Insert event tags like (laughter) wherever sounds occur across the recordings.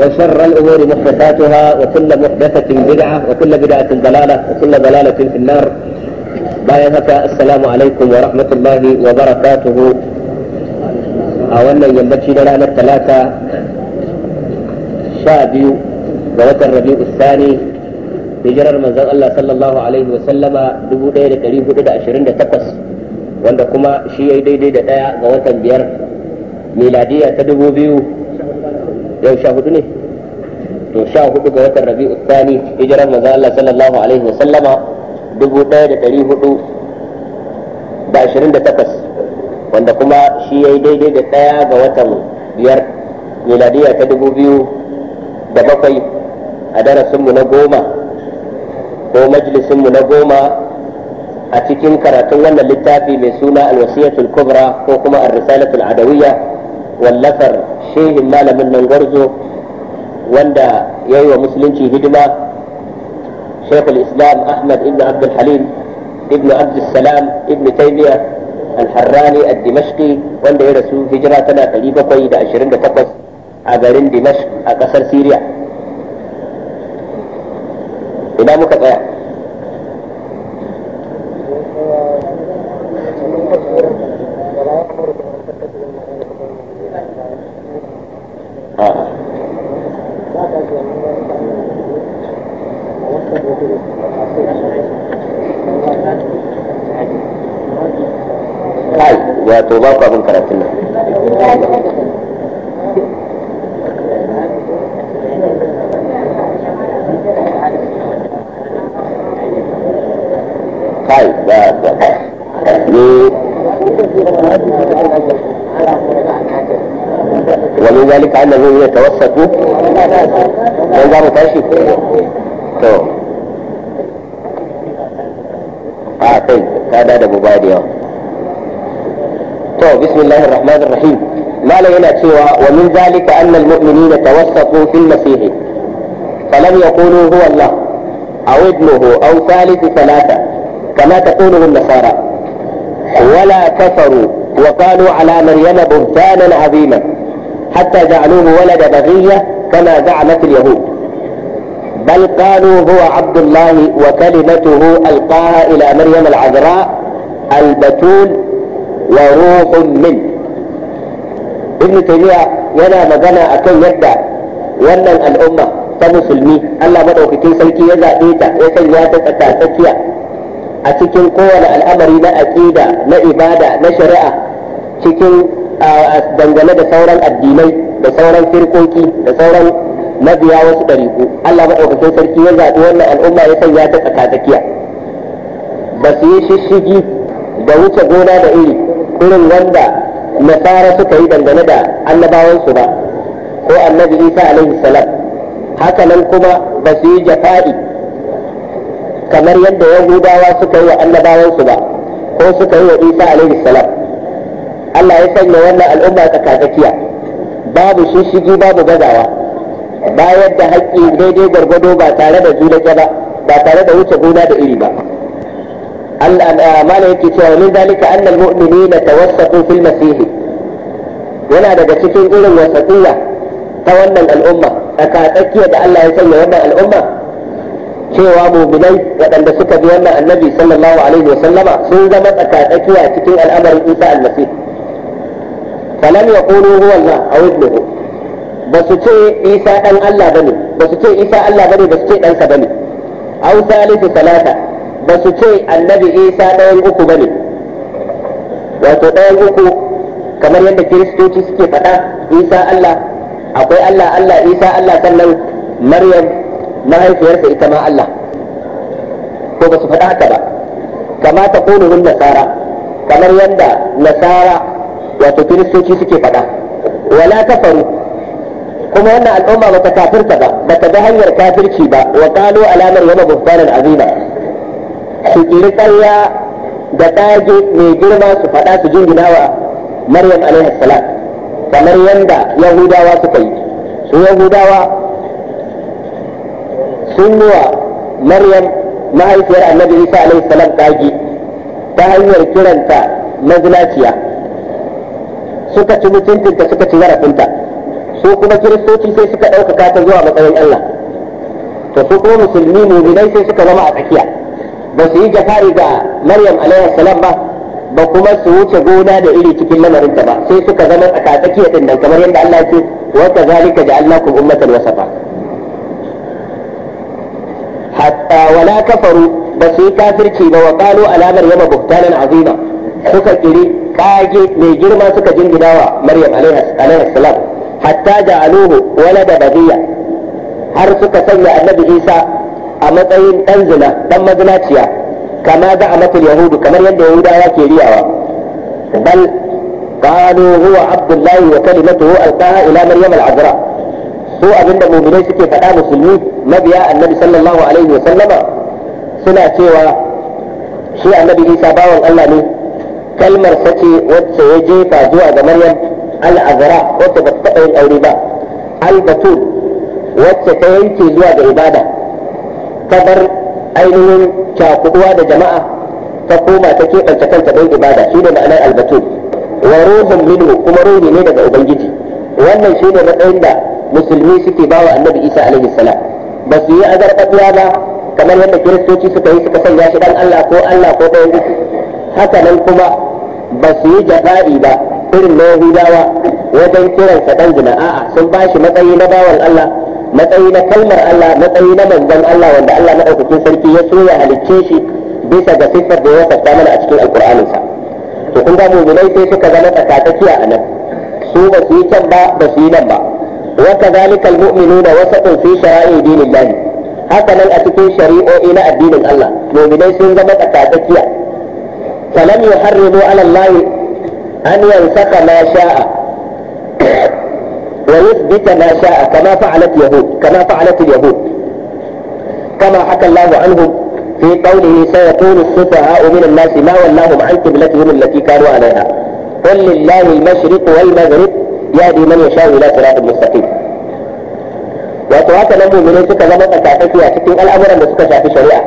وشر الأمور محدثاتها وكل محدثة بدعة وكل بدعة ضلالة وكل ضلالة في النار بايهك السلام عليكم ورحمة الله وبركاته أولا يمتشي لنا الثلاثة شابي ووتر الربيع الثاني hijirar manzon Allah sallallahu alaihi wasallama 1428 wanda kuma shi ya daidai da ɗaya ga watan biyar miladiya ta 2000 yau sha hudu ne to sha hudu ga watan rabi'u tsani hijiran maza Allah sallallahu alaihi wa sallama dubu ɗaya da ɗari hudu da ashirin da takwas wanda kuma shi ya yi daidai da ɗaya ga watan biyar miladiya ta dubu biyu da bakwai a darasinmu na goma ko majalisinmu na goma a cikin karatun wannan littafi mai suna al alwasiyatul kubra ko kuma ar-risalatul adawiyya wallafar shehin malamin nan gwarzo wanda ya yi wa musulunci hidima shekul islam ahmad ibn abdul ibn abdul ibn taymiya alharrani a dimashqi wanda ya rasu hijira tana 728 a garin dimashq a kasar syria ina muka tsaya وتباقى منكراتنا طيب بقى ومن ذلك أنه يتوسط بسم الله الرحمن الرحيم ما a kai ta da da buba da yawa to bismillahir rahmanir rahim malam yana cewa wa min zalika anna al mu'minina tawassaqu ولا كفروا وقالوا على مريم بهتانا عظيما حتى جعلوه ولد بغيه كما زعمت اليهود بل قالوا هو عبد الله وكلمته ألقاها إلى مريم العذراء البتول وروح منه ابن تيمية yana magana akan yadda wannan al'umma ta musulmi Allah maɗaukakin sarki ya zaɓe ta ya sanya ta tsakatsakiya a cikin kowane al'amari na aƙida na ibada na shari'a cikin dangane da sauran addinai da sauran firkoki da sauran mabiya wasu ɗariku Allah maɗaukakin sarki ya zaɓi wannan al'umma ya sanya ta tsakiya. ba su yi shishigi da wuce gona da iri irin wanda nasara suka yi dangane da annabawansu ba ko annabi isa alaihi salam haka nan kuma ba su yi jafa'i kamar yadda yahudawa suka yi wa annabawansu ba ko suka yi wa isa alaihi salam Allah ya sanya wannan al'umma tsakiya. babu shishigi babu gazawa bayar da haƙƙi daidai gwargwado ba tare da zulake ba ba tare da wuce gona da iri ba amana yake cewa min zalika annal mu'minina tawassaqu fil masih yana daga cikin irin wasatiyya ta wannan al'umma tsaka tsakiya da Allah ya sanya wannan al'umma cewa mu'minai waɗanda suka bi wannan annabi sallallahu alaihi wa sallama sun zama tsakatsakiya cikin al'amarin Isa al-Masih falam yaqulu huwa Allah aw ba basu ce Isa dan Allah bane basu ce Isa Allah bane basu ce dan sa bane aw salisu salata basu ce annabi Isa dan uku bane wato dan uku kamar yadda kiristoci suke fada Isa Allah akwai Allah Allah Isa Allah sannan Maryam mahaifiyarsa ita ma Allah ko basu fada haka ba kama ta kunu nasara kamar yadda nasara wato kiristoci suke faɗa wala kafaru kuma wannan al'umma ba ta kafirta ba ba ta ga hanyar kafirci ba wa qalu alamar yama bubbanan azima su kiri ƙarya da tsage mai girma su faɗa su jingina wa maryam alaihi salam kamar yanda yahudawa suka yi su yahudawa sun yi wa maryam mahaifiyar annabi isa alaihi salam tsage ta hanyar kiranta mazinaciya suka ci mutuncinta suka ci zarafinta su kuma kiristoci sai suka ɗaukaka ta zuwa matsayin Allah to su kuma musulmi muminai sai suka zama a tsakiya ba su yi jafari ga maryam alaihi salam ba ba kuma su wuce gona da iri cikin lamarinta ba sai suka zama a tsakiya din nan kamar yadda Allah ce wa kadhalika ja'alnakum ummatan wasafa hatta wala kafaru ba su yi kafirci ba wa qalu ala maryama buhtanan azima suka kiri kage mai girma suka jingina wa maryam alaihi salam hatta ja'aluhu da badiya har suka sanya annabi isa a matsayin dan zina dan mazinaciya kama da amatul yahudu kamar yadda yahudawa ke riyawa bal قالوا هو عبد الله وكلمته ألقاها إلى مريم العذراء su abinda muminai suke faɗa musulmi mabiya annabi sallallahu alaihi wa sallama suna cewa shi annabi isa bawan Allah ne kalmar sace wacce ya jefa zuwa ga maryam al'azara wacce ba taɓa yin aure ba al wacce ta yanke zuwa ga ibada ta bar ainihin cakuduwa da jama'a ta koma ta keɓance kanta don ibada shi ne ma'anar al-batul wa ruhun minhu kuma ruhi ne daga ubangiji wannan shi ne matsayin da musulmi suke bawa annabi isa alaihi salam ba su yi azarfafiya ba kamar yadda kiristoci suka yi suka sanya shi dan allah ko allah ko ɗayan haka nan kuma ba su yi jaba'i ba irin na yahudawa wajen kiransa dan gina a'a sun ba shi matsayi na bawan Allah matsayi na kalmar Allah matsayi na manzon Allah wanda Allah madaukakin sarki ya so ya halicce shi bisa ga siffar da ya saka mana a cikin alkur'aninsa to kun ga mu'minai sai suka zama tsakatsakiya a nan su ba su yi can ba ba su yi nan ba wa kadhalika almu'minuna wasatun fi shara'i dinillahi haka nan a cikin shari'o'i na addinin Allah mu'minai sun zama tsakatsakiya فلم يحرموا على الله أن ينسخ ما شاء (clears throat) ويثبت ما شاء كما فعلت يهود كما فعلت اليهود كما حكى الله عنهم في قوله سيقول السفهاء من الناس ما ولاهم عن قبلتهم التي كانوا عليها قل لله المشرق والمغرب يهدي من يشاء الى صراط مستقيم wato لهم من mummunai suka zama tsakatsaki الامر cikin al'amuran في شريعة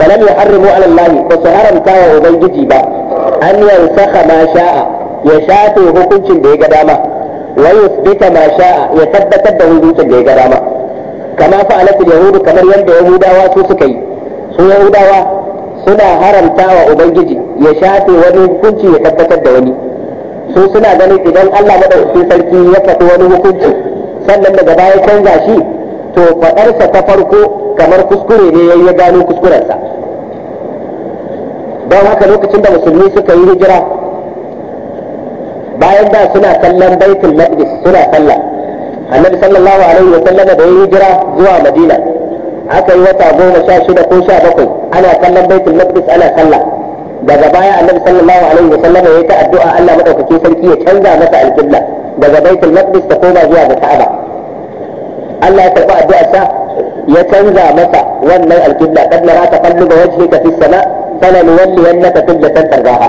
falam ya harrimu ala Allah ba su haramta wa ubangiji ba an yansakha ma sha'a ya shafe hukuncin da ya ga dama wa yusbita sha'a ya tabbatar da hukuncin da ya ga dama kama fa'alatul yahudu kamar yadda yahudawa su suka yi su yahudawa suna haramta wa ubangiji ya shafe wani hukunci ya tabbatar da wani su suna ganin idan Allah madaukakin sarki ya faɗi wani hukunci sannan daga baya canza shi to faɗarsa ta farko kamar kuskure ne yayi ya gano kuskurensa don haka lokacin da musulmi suka yi hijira bayan da suna kallon baitul maqdis suna sallah annabi sallallahu alaihi wa sallam da ya hijira zuwa madina aka yi wata goma sha shida ko sha bakwai ana kallon baitul maqdis ana sallah daga baya annabi sallallahu alaihi wa sallam ya ta addu'a Allah madaukakin sarki ya canza masa alƙibla daga baitul maqdis ta koma zuwa ga ka'aba Allah ya karɓi sa ya canza masa wannan alƙibla kad nara taqalluba wajhika fis sama falan walliyannaka qiblatan tarzaha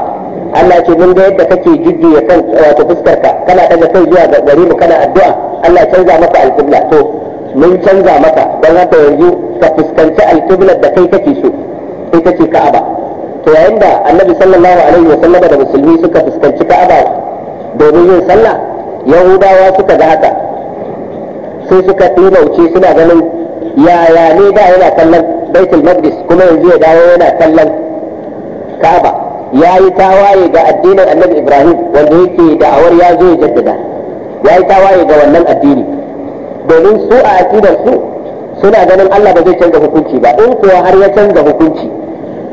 Allah ya ce mun ga yadda kake jujjuya kan wato fuskarka kana daga kai zuwa ga gari mu kana addu'a Allah ya canza maka alƙibla to mun canza maka don haka yanzu ka fuskanci alƙiblar da kai kake so ita Ka'aba to yayin da Annabi sallallahu alaihi wa da musulmi suka fuskanci Ka'aba domin yin sallah Yahudawa suka ga haka sai suka wuce suna ganin yaya ne da yana kallon baitul maqdis kuma yanzu ya dawo yana kallon ka'aba ya yi tawaye ga addinin annabi ibrahim wanda yake da'awar ya zo ya jaddada ya yi tawaye ga wannan addini domin su a aƙidar su suna ganin allah ba zai canza hukunci ba in kuwa har ya canza hukunci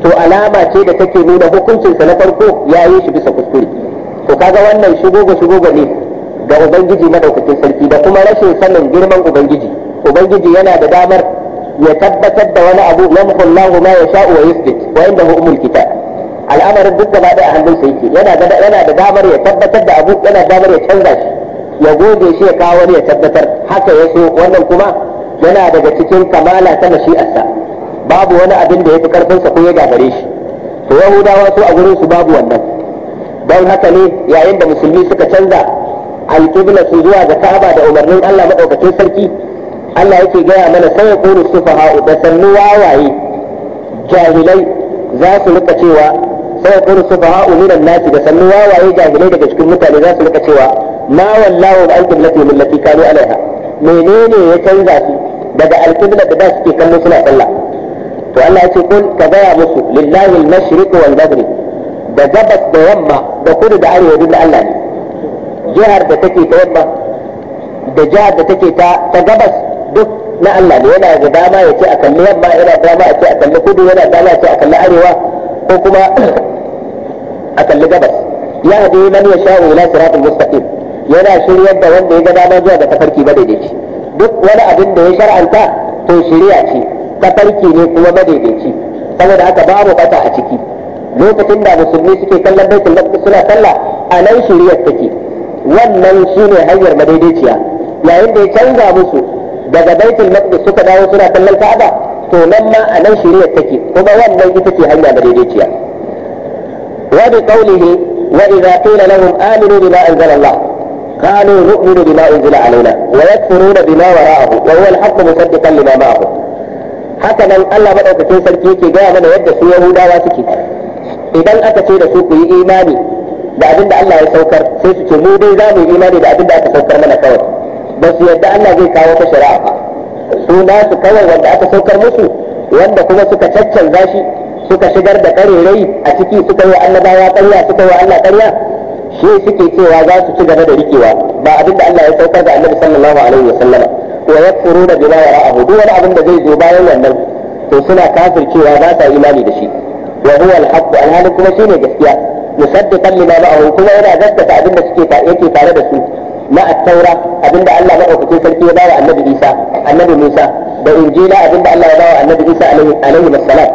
to alama ce da take nuna hukuncinsa na farko ya yi shi bisa kuskure to kaga wannan shugogo shugogo ne ga ubangiji madaukakin sarki da kuma rashin sanin girman ubangiji ubangiji yana da damar ya tabbatar da wani abu yamhu Allahu ma yasha'u wa yuthbit wa indahu umul kitab al'amarin duk gaba da a hannunsa yake yana da yana da damar ya tabbatar da abu yana damar ya canza shi ya goge shi ya kawo wani ya tabbatar haka ya so wannan kuma yana daga cikin kamala ta mashi'arsa babu wani abin da ya fi sa ko ya gagare shi to yahudawa su a gurin su babu wannan don haka ne yayin da musulmi suka canza alqibla su zuwa ga Ka'aba da umarnin Allah madaukakin sarki Allah yake gaya mana sai ya sufaha da sannu wawaye jahilai za su rika cewa sai ya kuru sufaha minan nasi da sannu wawaye jahilai daga cikin mutane za su rika cewa ma wallahu an qiblati millati kanu alaiha menene ya canza su daga alqibla da da suke kallo suna sallah to Allah ya ce kun ka gaya musu lillahi al-mashriq wal maghrib da gabas da yamma da kudu da arewa duk Allah ne jihar da take ta yamma da jihar da take ta ta gabas duk na Allah ne yana da dama ya ce a kalli yamma yana dama ya ce a kalli kudu yana dama ya ce a kalli arewa ko kuma a kalli gabas ya hadu man ya sha'u ila siratul mustaqim yana shiryar da wanda ya ga dama zuwa ga tafarki ba daidaici duk wani abin da ya shar'anta to shiriya ce tafarki ne kuma madaidaici saboda haka babu bata a ciki lokacin da musulmi suke kallon baitul maqdis suna sallah a nan shiriyar take wannan ne hanyar madaidaiciya yayin da ya canza musu daga baitul maqdis suka dawo suna kallon ka'aba to nan ma a nan shiriyar take kuma wannan ita ce hanya madaidaiciya wa bi qawlihi wa idza qila lahum aminu bima anzala Allah قالوا نؤمن بما أنزل علينا ويكفرون wa وراءه وهو الحق مصدقا لما معه haka nan Allah madaukakin sarki yake gaya mana yadda su Yahudawa suke idan aka ce da su ku yi imani da abin da Allah ya saukar sai su ce mu dai za mu yi imani da abin da aka saukar mana kawai ba su yadda Allah zai kawo ta shari'a ba su na su kawai wanda aka saukar musu wanda kuma suka caccanza shi suka shigar da karerai a ciki suka yi annabawa ƙarya suka yi Allah ƙarya shi suke cewa za su ci gaba da rikewa ba abin da Allah ya saukar da Annabi sallallahu alaihi wa sallama wa yakfuruna bima yara'ahu duk wani abin da zai zo bayan wannan to suna kafircewa ba sa imani da shi wa huwa al-haqq alhali kuma shine gaskiya مصدقا لما معه كما ي ن ا ذكت ابن سكيتا ت ا ر د س مع ا الله معه في سلكي ي ب ا ر النبي عيسى النبي موسى ب إ ن ج ي ل أ ب ن د عليهما السلام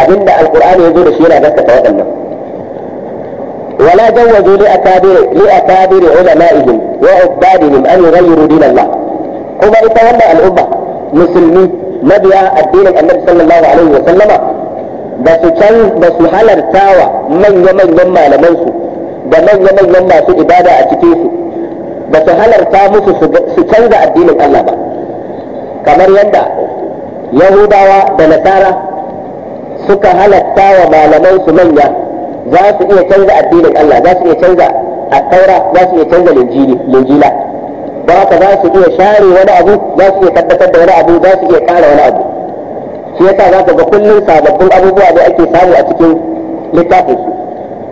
أ ب ن د ا ل ق ر ولا جوزوا لاكابر لأكابر علمائهم وعبادهم أن يغيروا دين الله هما يتولى ا ل مسلمين نبي الدين النبي صلى الله عليه وسلم ba su can ba su halartawa manya-manyan malamansu da manya-manyan masu ibada a cikin su ba su halarta musu su canza addinin Allah ba kamar yadda yahudawa da nasara suka halarta wa malamansu manya za su iya canza addinin Allah za su iya canza attaura za su iya canza linjila ba haka za su iya share wani abu za su iya tabbatar da wani abu za su iya kara wani abu shi yasa za ka ga kullum sababbin abubuwa da ake samu a cikin littafin su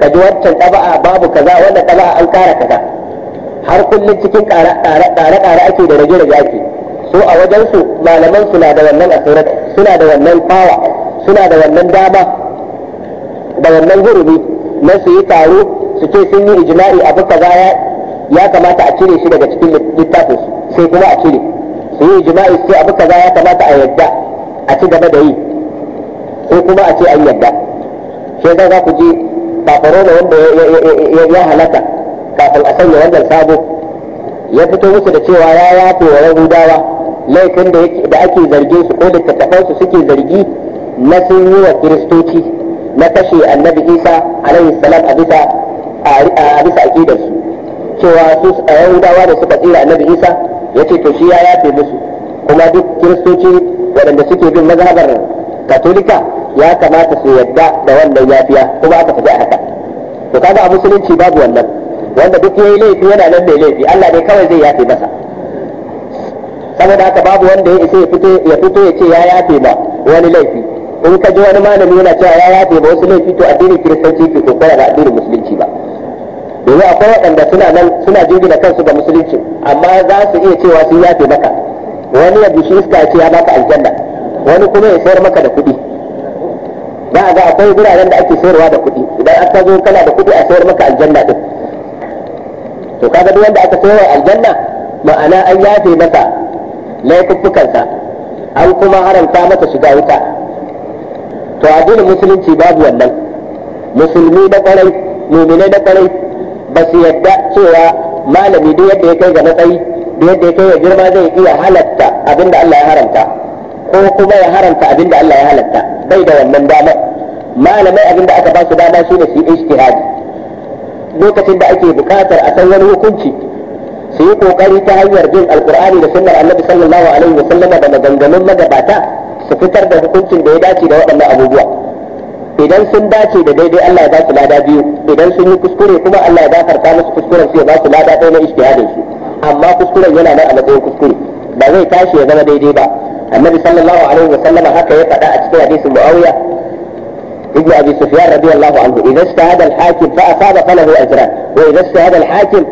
ka ji wancan ɗaba'a babu kaza wanda ɗaba'a an ƙara kaza har kullum cikin ƙare-ƙare ake da rage-rage ake so a wajen su malaman suna da wannan asirat suna da wannan fawa suna da wannan dama da wannan gurbi na su yi taro su ce sun yi ijma'i abu kaza ya kamata a cire shi daga cikin littafin su sai kuma a cire su yi ijma'i sai abu kaza ya kamata a yadda a ci gaba da yi ko kuma a ce an yadda shi zaku za ku ji kafaro da wanda ya halaka kafin a sanya wannan sabo ya fito musu da cewa ya yafe wa yahudawa laifin da ake zarge su ko da su suke zargi na sun yi wa kiristoci na kashe annabi isa alaihi salam a bisa a bisa aqidarsu cewa su a yahudawa da suka tsira annabi isa ya ce to shi ya yafe musu kuma duk kiristoci waɗanda suke bin mazhabar katolika ya kamata su yadda da wannan yafiya kuma aka tafi a haka to kaga a musulunci babu wannan wanda duk yayi laifi yana nan mai laifi Allah ne kawai zai yafe masa saboda haka babu wanda ya isa ya fito ya fito ya ce ya yafe ba wani laifi in ka ji wani malami yana cewa ya yafe ba wasu laifi to addinin kiristanci ke kokara da addinin musulunci ba domin akwai waɗanda suna nan suna jingina kansu ga musulunci amma za su iya cewa sun yafe maka wani ya bishi iska ce ya baka aljanna wani kuma ya sayar maka da kuɗi za a ga akwai wuraren da ake sayarwa da kuɗi idan an ka zo kana da kuɗi a sayar maka aljanna din to kaga duk wanda aka sayarwa aljanna ma'ana an yafe masa laifuffukansa an kuma haramta masa shiga wuta to addinin musulunci babu wannan musulmi da kwarai muminai da kwarai ba su yadda cewa malami duk yadda ya kai ga matsayi da yadda ya kai ya girma zai iya halatta abinda Allah ya haramta ko kuma ya haramta abinda Allah ya halatta bai da wannan damar malamai abinda aka ba su dama shine su yi ijtihadi lokacin da ake bukatar a san wani hukunci su yi kokari ta hanyar jin alkur'ani da sunnar annabi sallallahu alaihi wa sallama da maganganun magabata su fitar da hukuncin da ya dace da waɗannan abubuwa idan sun dace da daidai Allah ya ba su lada biyu idan sun yi kuskure kuma Allah ya gafarta musu kuskuren su ya ba su lada ɗaya na ijtihadin su amma kuskuren yana nan a matsayin kuskure ba zai tashi ya zama daidai ba annabi sallallahu alaihi wa sallam haka ya faɗa a cikin hadisin muawiya ابن ابي سفيان رضي الله عنه اذا اجتهد الحاكم فاصاب فله اجران واذا اجتهد الحاكم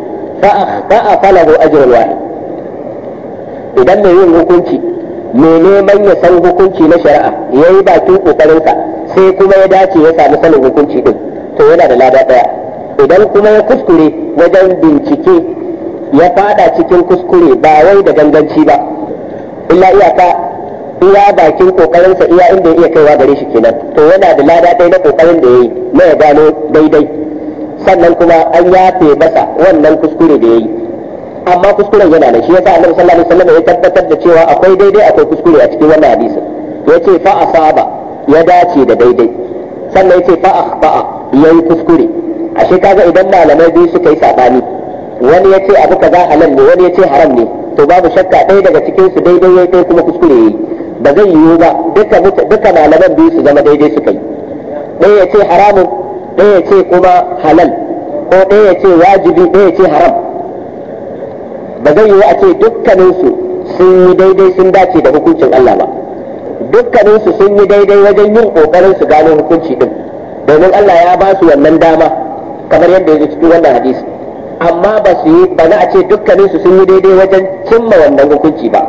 فاخطا فله اجر واحد اذا ما يوم hukunci mai neman ya san hukunci na shari'a ya yi bakin kokarinsa sai kuma ya dace ya sami sanin hukunci din to yana da lada daya idan kuma ya kuskure wajen bincike ya fada cikin kuskure ba wai da ganganci ba illa iyaka iya bakin kokarinsa iya inda iya kaiwa gare shi kenan to yana da lada ɗaya na kokarin da yayi na ya gano daidai sannan kuma an yafe masa wannan kuskure da yayi amma kuskuren yana nan shi yasa annabi sallallahu alaihi wasallam ya tabbatar da cewa akwai daidai akwai kuskure a cikin wannan hadisin yace fa asaba ya dace da daidai sannan yace fa ya yi kuskure ashe kaga idan malamai biyu suka yi sabani wani ya ce abu kaza halal ne wani ya ce haram ne to babu shakka ɗaya daga cikin su daidai ya kai kuma kuskure yayi ba zai yiwu ba duka duka malaman biyu su zama daidai suka yi ɗaya ya ce haramun ɗaya ya ce kuma halal ko ɗaya ya ce wajibi ɗaya ya ce haram ba zai yiwu a ce dukkaninsu sun yi daidai sun dace da hukuncin Allah ba dukkaninsu sun yi daidai wajen yin kokarin su gano hukunci din domin Allah ya ba su wannan dama kamar yadda ya cikin wannan hadisi amma ba su yi ba na a ce dukkanin su sun yi daidai wajen cimma wannan hukunci ba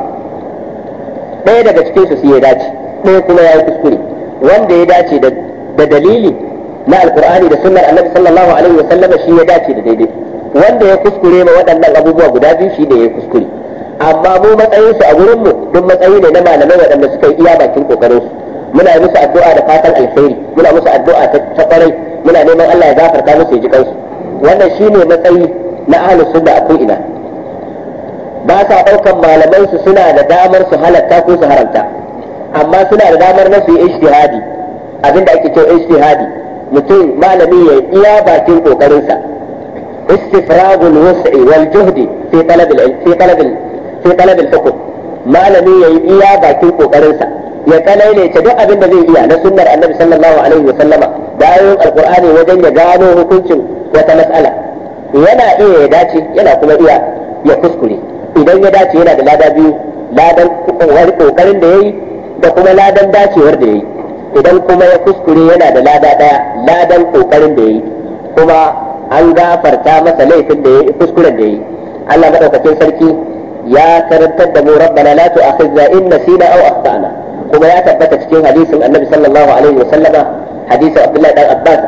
ɗaya daga cikin su ya dace ɗaya kuma ya yi kuskure wanda ya dace da dalili na alkur'ani da sunnar annabi sallallahu alaihi wa sallama shi ya dace da daidai wanda ya kuskure ma waɗannan abubuwa guda biyu shi ne ya kuskure amma mu matsayin su a gurin mu duk matsayi ne na malamai waɗanda suka yi iya bakin kokarin su muna musu addu'a da fatan alheri muna musu addu'a ta kwarai muna neman Allah ya gafarta musu ya ji kansu wannan shine matsayi na ahlus sunna a ko'ina, ba sa daukan malaman su suna da damar su halatta ko su haramta amma suna da damar na su yi ijtihadi abinda ake cewa ijtihadi mutum malami ya iya bakin kokarin sa istifragul wus'i wal juhdi fi talab al fi talab fi talab al hukm malami ya iya bakin kokarin sa ya kalaile ta duk abin da zai iya na sunnar annabi sallallahu alaihi wa sallama da ayoyin alqur'ani wajen ya gano hukuncin wata matsala yana iya ya dace yana kuma iya ya kuskure idan ya dace yana da lada biyu ladan kokarin da yayi da kuma ladan dacewar da yayi idan kuma ya kuskure yana da lada daya ladan kokarin da yayi kuma an gafarta masa laifin da yayi kuskuren da yayi Allah madaukakin sarki ya karantar da mu rabbana la tu'akhidna in nasina aw akhtana kuma ya tabbata cikin hadisin annabi sallallahu alaihi wa hadisin abdullahi dan abbas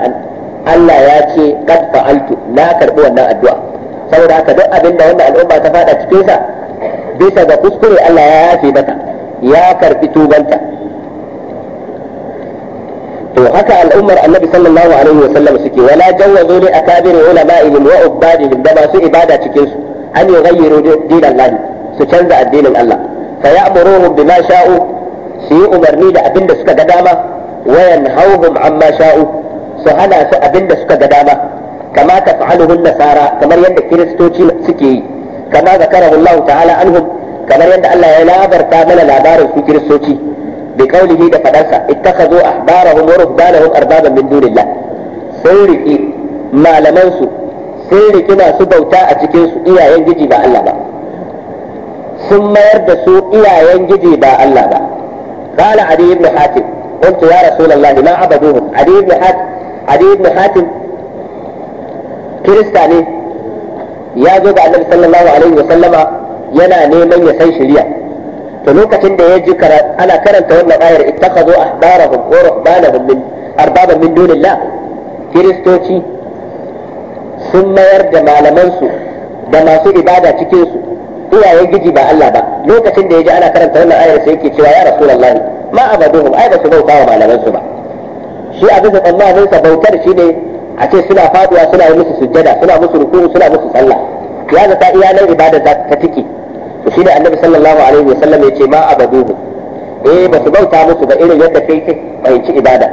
Allah ya ce qad fa'altu na karbi wannan addu'a saboda haka duk abin da wannan al'umma ta fada cikin sa bisa ga kuskure Allah ya yafe mata ya karbi tubanta to haka al'ummar annabi sallallahu alaihi wa sallam suke wala jawazu li akabir ulama'ihim wa ubadihim da masu ibada cikin su an yughayyiru dinallahi su canza addinin Allah fa ya'muruhum bima sha'u su yi umarni da abin da suka ga dama wayan hauhum amma sha'u su hana su abin da suka ga dama kama ta fa'aluhun nasara kamar yadda kiristoci suke yi kama zakarahu Allah ta'ala anhum kamar yadda Allah ya labarta mana labarin su kiristoci bi qaulihi da fadansa ittakhadhu ahbarahum wa ruhbanahum arbaban min dunillah sun riki malaman su sun riki masu bauta a cikin su iyayen giji ba Allah ba sun mayar da su iyayen giji ba Allah ba قال علي بن حاتم قلت يا رسول الله ما عبدوهم علي بن حاتم adi ibn hatim kirista ne ya zo ga annabi sallallahu alaihi wa sallama yana neman ya san shiriya. to lokacin da ya ji ana karanta wannan ayar ittakhadhu ahbarahum wa ruhbanahum min arbaban kiristoci sun mayar da malamansu da masu ibada cikin su iyayen giji ba Allah ba lokacin da ya ji ana karanta wannan ayar sai yake cewa ya rasulullahi ma abaduhum ai ba su bauta wa malamansu ba shi abin da tsammanin sa bautar ne. a ce suna faduwa suna yi musu sujjada suna musu ruku'u suna musu sallah ya zata iya nan ibada da ta tike to shi ne annabi sallallahu alaihi wa sallam yace ma abaduhu eh ba su bauta musu ba irin yadda kai kai bayanci ibada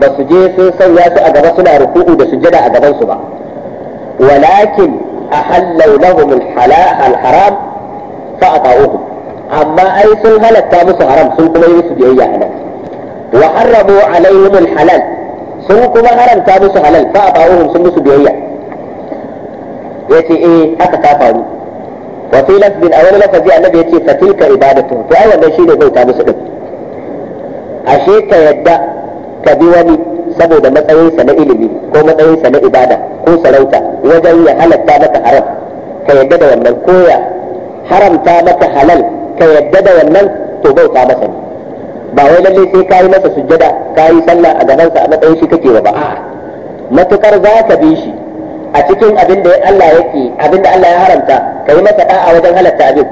ba su je sun sanya su a gaba suna ruku'u da sujjada a gaban su ba walakin ahallau lahum al alharam fa ata'uhum amma ai sun halatta musu haram sun kuma yi musu biyayya a nan wa harramu alaihim alhalal sun kuma haramta musu halal ba abawuhum sun musu biyayya yace eh haka ta faru wa fi a wani lafazi annabi yace fatilka ibadatu to ai wannan shine bai ta musu din ashe ka yadda ka bi wani saboda matsayinsa na ilimi ko matsayinsa na ibada ko sarauta wajen ya halatta maka haram ka yadda da wannan haramta maka halal ka yadda da wannan to ba wai lalle sai ka yi masa sujjada ka yi sallah a gabansa a matsayin shi kake ba a'a matukar za ka bi shi a cikin abin da Allah yake abin da Allah ya haramta ka yi masa da'a wajen halatta abin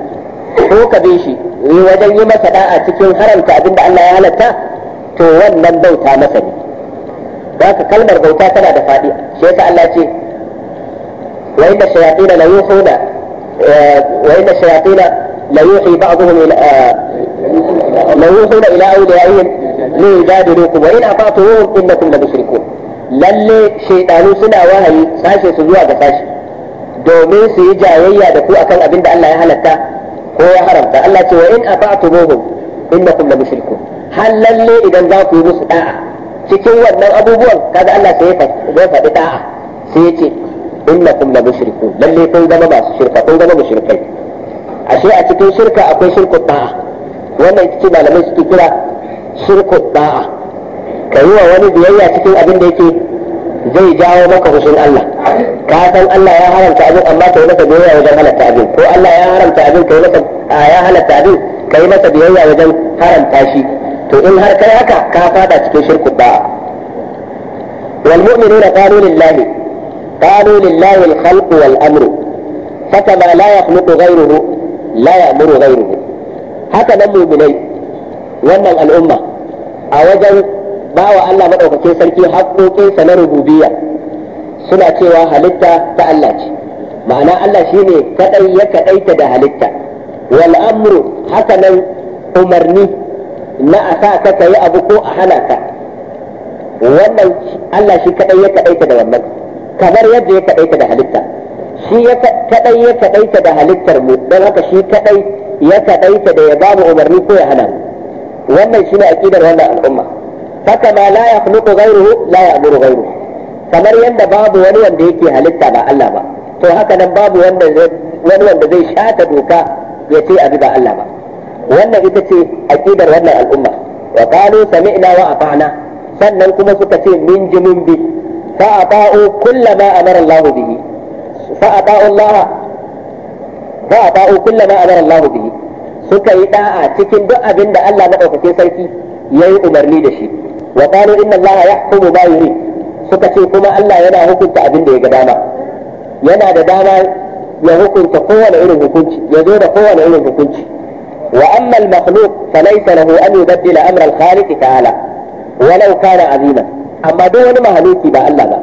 ko ka bi shi wajen yi masa da'a cikin haramta abin da Allah ya halatta to wannan bauta masa ne ka kalmar bauta tana da faɗi shi yasa Allah ce wa inna shayatin la yuhuna eh, wa inna shayatin la yuhi ba'dhum ila لو يوصل إلى أوليائهم ليجادلوكم وإن أطعتموهم إنكم لمشركون lalle shaidanu suna wahayi sashe su zuwa ga sashe domin su yi jayayya da ku akan abin da Allah ya halatta ko ya haramta Allah ce wa in ata'tumuhum innakum la mushrikun hal lalle idan za ku yi musu da'a cikin wannan abubuwan kaga Allah sai ya faɗi da'a sai ya ce innakum la mushrikun lalle kun zama masu shirka kun zama mushrikai ashe a cikin shirka akwai shirku da'a wannan ita ce malamai suke kira shirku da'a ka yi wa wani biyayya cikin abin da yake zai jawo maka husun Allah ka san Allah ya haramta abin amma ka yi masa biyayya wajen halatta abin ko Allah ya haramta abin ka yi masa ya halatta abin ka yi masa biyayya wajen haramta shi to in har kai haka ka fada cikin shirku da'a wal mu'minuna qalu lillahi qalu lillahi al-khalqu wal amru fakama la yakhluqu ghayruhu la ya'muru ghayruhu haka nan muminai wannan al'umma a wajen bawa Allah madaukakin sarki haƙoƙinsa na rububiya suna cewa halitta ta Allah ce ma'ana Allah shine kaɗai ya kadaita da halitta wal amru haka nan umarni na a sa ka kai abu ko a hana ka wannan Allah shi kadai ya kadaita da wannan kamar yadda ya kadaita da halitta shi ya kadai ya kadaita da halittar mu don haka shi kadai ya kadaita da ya ba mu umarni ko ya hana wannan shine aqidar wannan al'umma haka ma la yakhluqu ghayruhu la ya'muru ghayruhu kamar yadda babu wani wanda yake halitta ba Allah ba to haka nan babu wanda wani wanda zai shata doka ya ce abi ba Allah ba wannan ita ce aqidar wannan al'umma wa qalu sami'na wa ata'na sannan kuma suka ce min jimin bi fa ata'u kullama amara Allah bihi فأطاعوا الله فأطاعوا كل ما أمر الله به suka yi da'a cikin duk abin da Allah maɗaukakin sarki ya yi umarni da shi wa qalu inna Allah yahkumu ma yuri suka ce kuma Allah yana hukunta abin da ya ga dama yana da dama ya hukunta kowane irin hukunci ya zo da kowane irin hukunci wa amma al-makhluq falaysa lahu an yubaddila amra al-khaliq ta'ala walau kana azima amma duk wani mahaluki ba Allah ba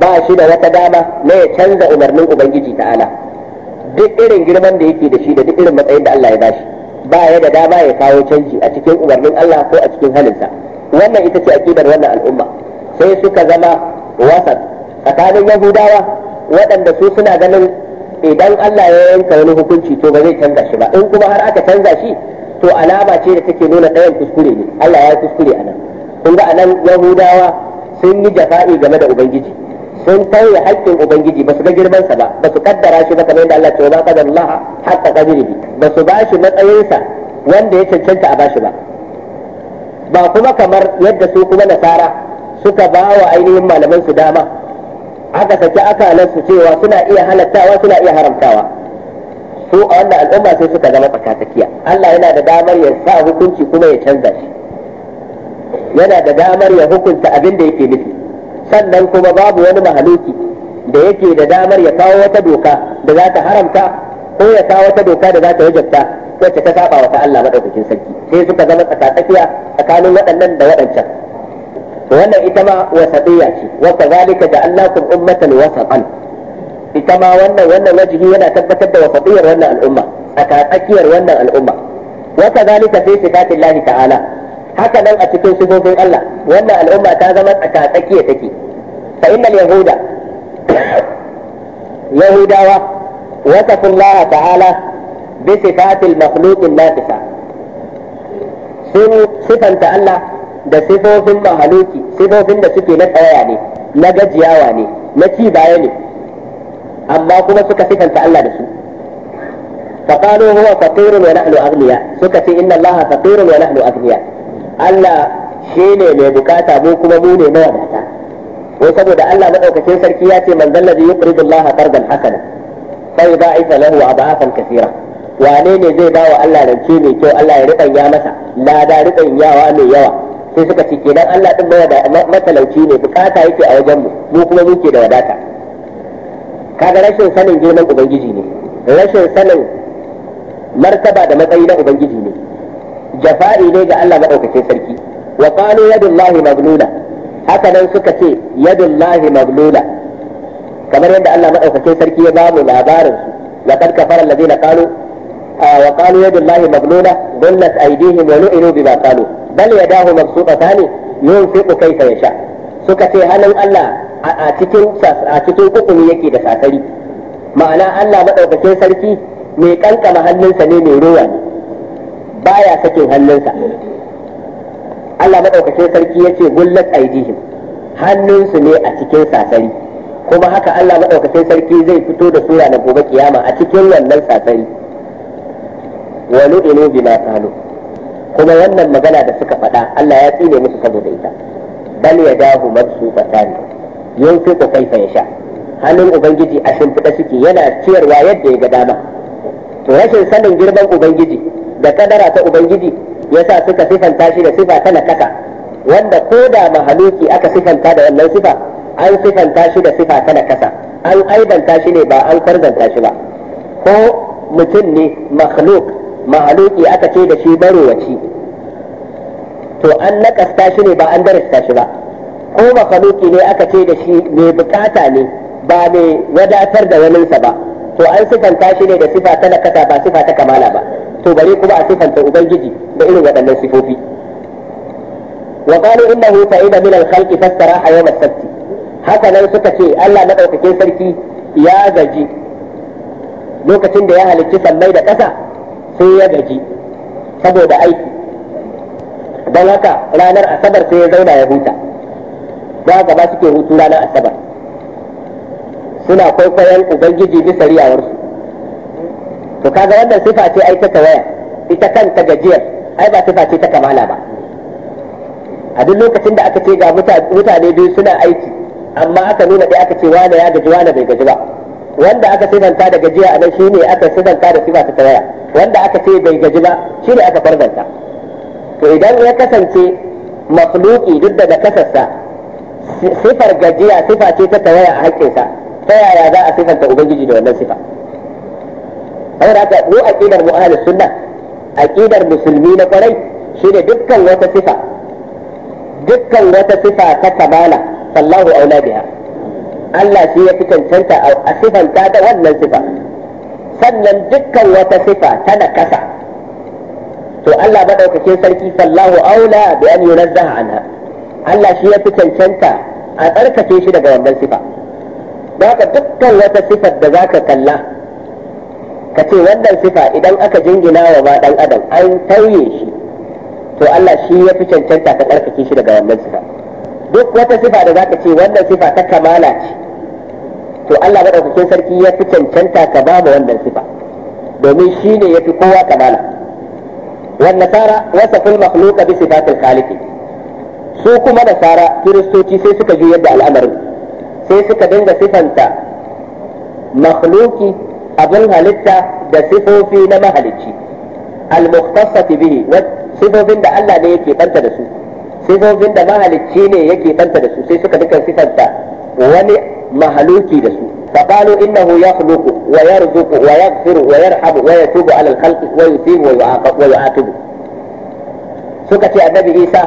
ba shi da wata dama na ya canza umarnin ubangiji ta'ala duk irin girman da yake da shi da duk irin matsayin da Allah ya bashi ba ya da dama ya kawo canji a cikin umarnin Allah ko a cikin halinsa wannan ita ce akidar wannan al'umma sai suka zama wasat tsakanin yahudawa waɗanda su suna ganin idan Allah ya yanka wani hukunci to ba zai canza shi ba in kuma har aka canza shi to alama ce da take nuna ɗayan kuskure ne Allah ya kuskure a nan kun ga a nan yahudawa sun yi jafa'i game da ubangiji sun tauye haƙƙin ubangiji ba su ga girman sa ba ba su kaddara shi ba kamar yadda Allah ce wa qadara hatta qadrihi ba su bashi matsayin sa wanda ya cancanta a shi ba ba kuma kamar yadda su kuma nasara suka ba wa ainihin malaman su dama aka saki akalan su cewa suna iya halattawa suna iya haramtawa su a wannan al'umma sai suka zama tsakatsakiya Allah yana da damar ya sa hukunci kuma ya canza shi yana da damar ya hukunta abin da yake nufi sannan kuma babu wani mahaluki da yake da damar ya kawo wata doka da za ta haramta ko ya kawo wata doka da za ta wajabta wacce ta saba wa ta Allah madaukakin sarki sai suka zama tsakatsakiya tsakanin waɗannan da waɗancan wannan ita ma wasatiyya ce wa kazalika ja'alnakum ummatan wasatan ita ma wannan wannan wajihi yana tabbatar da wasatiyyar wannan al'umma tsakatsakiyar wannan al'umma wa kazalika fi sifatillahi ta'ala haka nan a cikin sifofin Allah wannan al'umma ta zama tsakatsakiya take fa innal yahuda yahudawa wasafu Allah ta'ala bi sifatil makhluqin nafisa sun sifanta Allah da sifofin mahaluki sifofin da suke na tsaya ne na gajiyawa ne na ci baya ne amma kuma suka sifanta Allah da su فقالوا هو فقير suka ce سكتي إن الله فقير ونحن أغنياء Allah shi ne mai bukata mu kuma mu ne mawadata ko saboda Allah madaukakin sarki ya ce man zallazi yuqridu Allah qardan hasana a yudha'ifa lahu a kathira wane ne zai ba wa Allah rance mai kyau Allah ya rubanya masa lada rubanyawa mai yawa sai suka ce kenan Allah din matalauci ne bukata yake a wajen mu mu kuma muke da wadata kaga rashin sanin girman ubangiji ne rashin sanin martaba da matsayi na ubangiji ne jafa'i ne ga Allah maɗaukacin sarki wa qalu yadullahi maglula haka nan suka ce yadullahi maglula kamar yadda Allah maɗaukacin sarki ya bamu labarin su laqad kafara alladhina qalu ah, wa qalu yadullahi maglula dhallat aydihim wa lu'inu bima qalu bal yadahu mabsuutatan yunfiqu kayfa yasha suka ce hannun Allah a cikin a cikin kukumi yake da sakari ma'ana Allah maɗaukacin sarki mai kankama hannunsa ne mai ruwa ne baya sakin hannunsa Allah maɗaukacin sarki ya yace gullat aidihim hannunsu ne a cikin sasari kuma haka Allah maɗaukacin sarki zai fito da sura na gobe kiyama a cikin wannan sasari wa nu'inu bima qalu kuma wannan magana da suka faɗa Allah ya tsine musu saboda ita bal yadahu mabsutatan yunfiqu kayfa yasha hannun ubangiji a shimfiɗa suke yana ciyarwa yadda ya ga dama to rashin sanin girman ubangiji da kadara ta ubangiji yasa suka sifanta shi da sifa ta nakaka wanda ko da mahaluki aka sifanta da wannan sifa an sifanta shi da sifa ta nakasa an aibanta shi ne ba an kwarzanta shi ba ko mutum ne makhluk mahaluki aka ce da shi barowaci to an nakasta shi ne ba an darasta shi ba ko mahaluki ne aka ce da shi mai bukata ne ba mai wadatar da waninsa ba to an sifanta shi ne da sifa ta nakasa ba sifa ta kamala ba to bare kuma a sifanta ubangiji da irin waɗannan sifofi wa qalu innahu sa'ida min al-khalq fastaraha yawm as-sabt haka nan suka ce Allah na madaukakin sarki ya gaji lokacin da ya halicci sammai da ƙasa sai ya gaji saboda aiki don haka ranar asabar sai ya zauna ya huta ba gaba suke hutu ranar asabar suna kwaikwayon ubangiji bisa riyawarsu to kaga wannan sifa ce ai ta tawaya ita kanta gajiyar ai ba sifa ce ta kamala ba a duk lokacin da aka ce ga mutane biyu suna aiki amma aka nuna ɗaya aka ce wane ya gaji wane bai gaji ba wanda aka sifanta da gajiya a nan shine aka sifanta da sifa ta tawaya wanda aka ce bai gaji ba shine aka farzanta to idan ya kasance makhluki duk da kasarsa sifar gajiya sifa ce ta tawaya a haƙƙinsa ta yaya za a sifanta ubangiji da wannan sifa saboda haka mu aqidar mu ahlus sunna aqidar musulmi na kwarai shine dukkan wata sifa dukkan wata sifa ta kamala sallahu aula biha Allah shi ya fi cancanta a ta da wannan sifa sannan dukkan wata sifa tana nakasa to Allah madaukakin sarki sallahu aula bi an yunazzaha anha Allah shi ya fi cancanta a tsarkake shi daga wannan sifa don haka dukkan wata sifar da zaka kalla ka ce wannan sifa idan aka jingina wa ma dan adam an tauye shi to Allah shi ya fi cancanta ka tsarkake shi daga wannan sifa duk wata sifa da zaka ce wannan sifa ta kamala ce to Allah madaukakin sarki ya fi cancanta ka ba mu wannan sifa domin shi ne ya fi kowa kamala wan nasara wasaful makhluqa bi sifatil khaliq su kuma nasara kiristoci sai suka juyar da al'amarin sai suka dinga sifanta makhluki abin halitta da sifofi na mahalicci al-mukhtasati bihi sifofin da Allah ne yake banta da su sifofin da mahalicci ne yake banta da su sai suka dukan sifanta wani mahaluki da su فقالوا إنه يخلق ويرزق ويغفر ويرحم ويتوب على الخلق ويثيب ويعاقب ويعاقب سكة النبي عيسى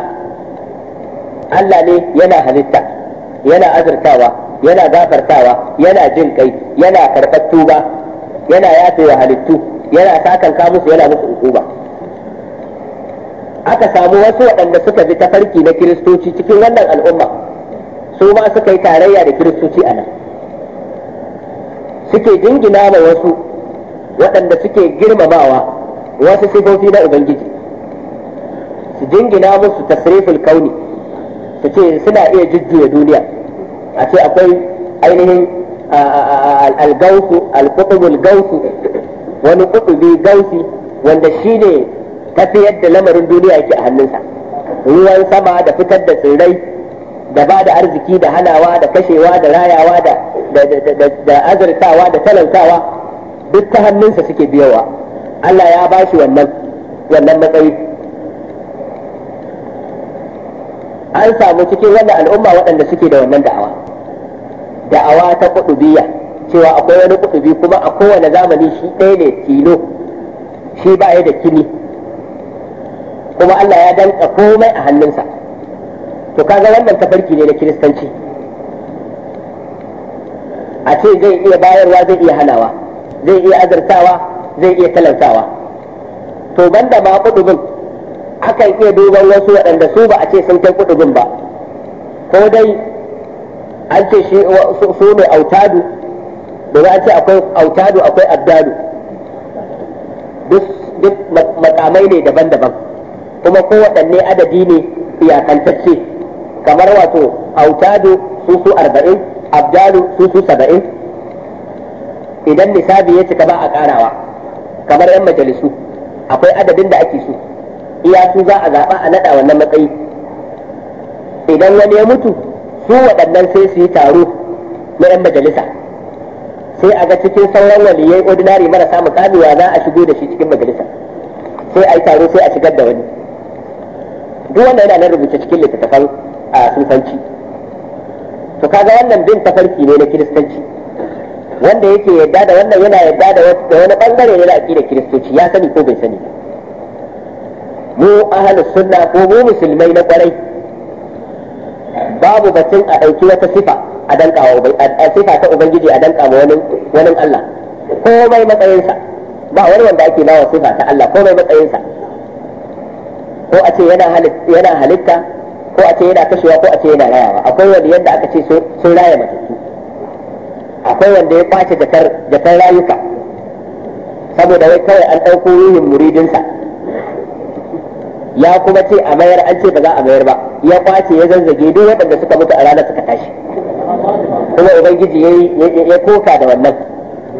Allah ne yana halitta yana azurtawa yana gafartawa yana jin kai yana karɓar tuba yana yafe wa halittu yana kanka musu yana musu hukuma aka samu wasu waɗanda suka bi tafarki na kiristoci cikin wannan al'umma su ma suka yi tarayya da kiristoci a nan suke jingina ma wasu waɗanda suke girmamawa wasu sifofi na ubangiji su jingina musu tasriful kauni su ce suna iya jujjuya duniya a ce akwai ainihin al-gausu al wani kutubi gausi wanda shine tafiyar da lamarin duniya yake a hannunsa ruwan sama da fitar da tsirrai da ba da arziki da hanawa da kashewa da rayawa da azurtawa da talantawa duk ta hannunsa suke biyowa Allah ya ba shi wannan matsayi an samu cikin wannan al'umma waɗanda suke da wannan da'awa da'awa ta kutubiyya cewa akwai wani kutubi kuma a kowane zamani shi ɗaya ne tilo shi ba ya da kini kuma Allah ya danka komai a hannunsa to kaga wannan tafarki ne na kiristanci a ce zai iya bayarwa zai iya hanawa zai iya azartawa zai iya talantawa to banda ma kudubin akan iya duban wasu waɗanda su ba a ce sun kai kudubin ba ko dai an ce shi su ne autadu da a ce akwai autadu akwai abdalu duk makamai ne daban-daban kuma ko waɗanne adadi ne iyakantacce kamar wato autadu su su arba'in abdalu su su saba'in idan nisabi ya cika ba a karawa kamar yan majalisu akwai adadin da ake so Iyasu za a zaɓa a naɗa wannan matsayi idan wani ya mutu su waɗannan sai su yi taro na 'yan majalisa sai a ga cikin sauran waliyai ordinary marasa mukamewa za a shigo da shi cikin majalisa sai a yi taro sai a shigar da wani duk wanda yana nan rubuce cikin littattafan a sufanci to kaga wannan bin tafarki ne na kiristanci wanda yake yadda da wannan yana yadda da wani bangare ne na da kiristoci ya sani ko bai sani mu ahlus sunna ko mu musulmai na kwarai babu batun a ɗauki wata sifa a danƙawa a sifa ta ubangiji a danka wani wani Allah komai matsayinsa ba wani wanda ake bawa sifa ta Allah komai matsayinsa ko a ce yana halitta ko a ce yana kashewa ko a ce yana rayawa akwai wanda yadda aka ce sun raya matattu akwai wanda ya kwace jakar rayuka saboda wai kawai an ɗauko ruhin muridinsa ya kuma ce a mayar an ce ba za a mayar ba ya kwace ya zanzage duk waɗanda suka mutu a ranar suka tashi kuma ubangiji ya koka da wannan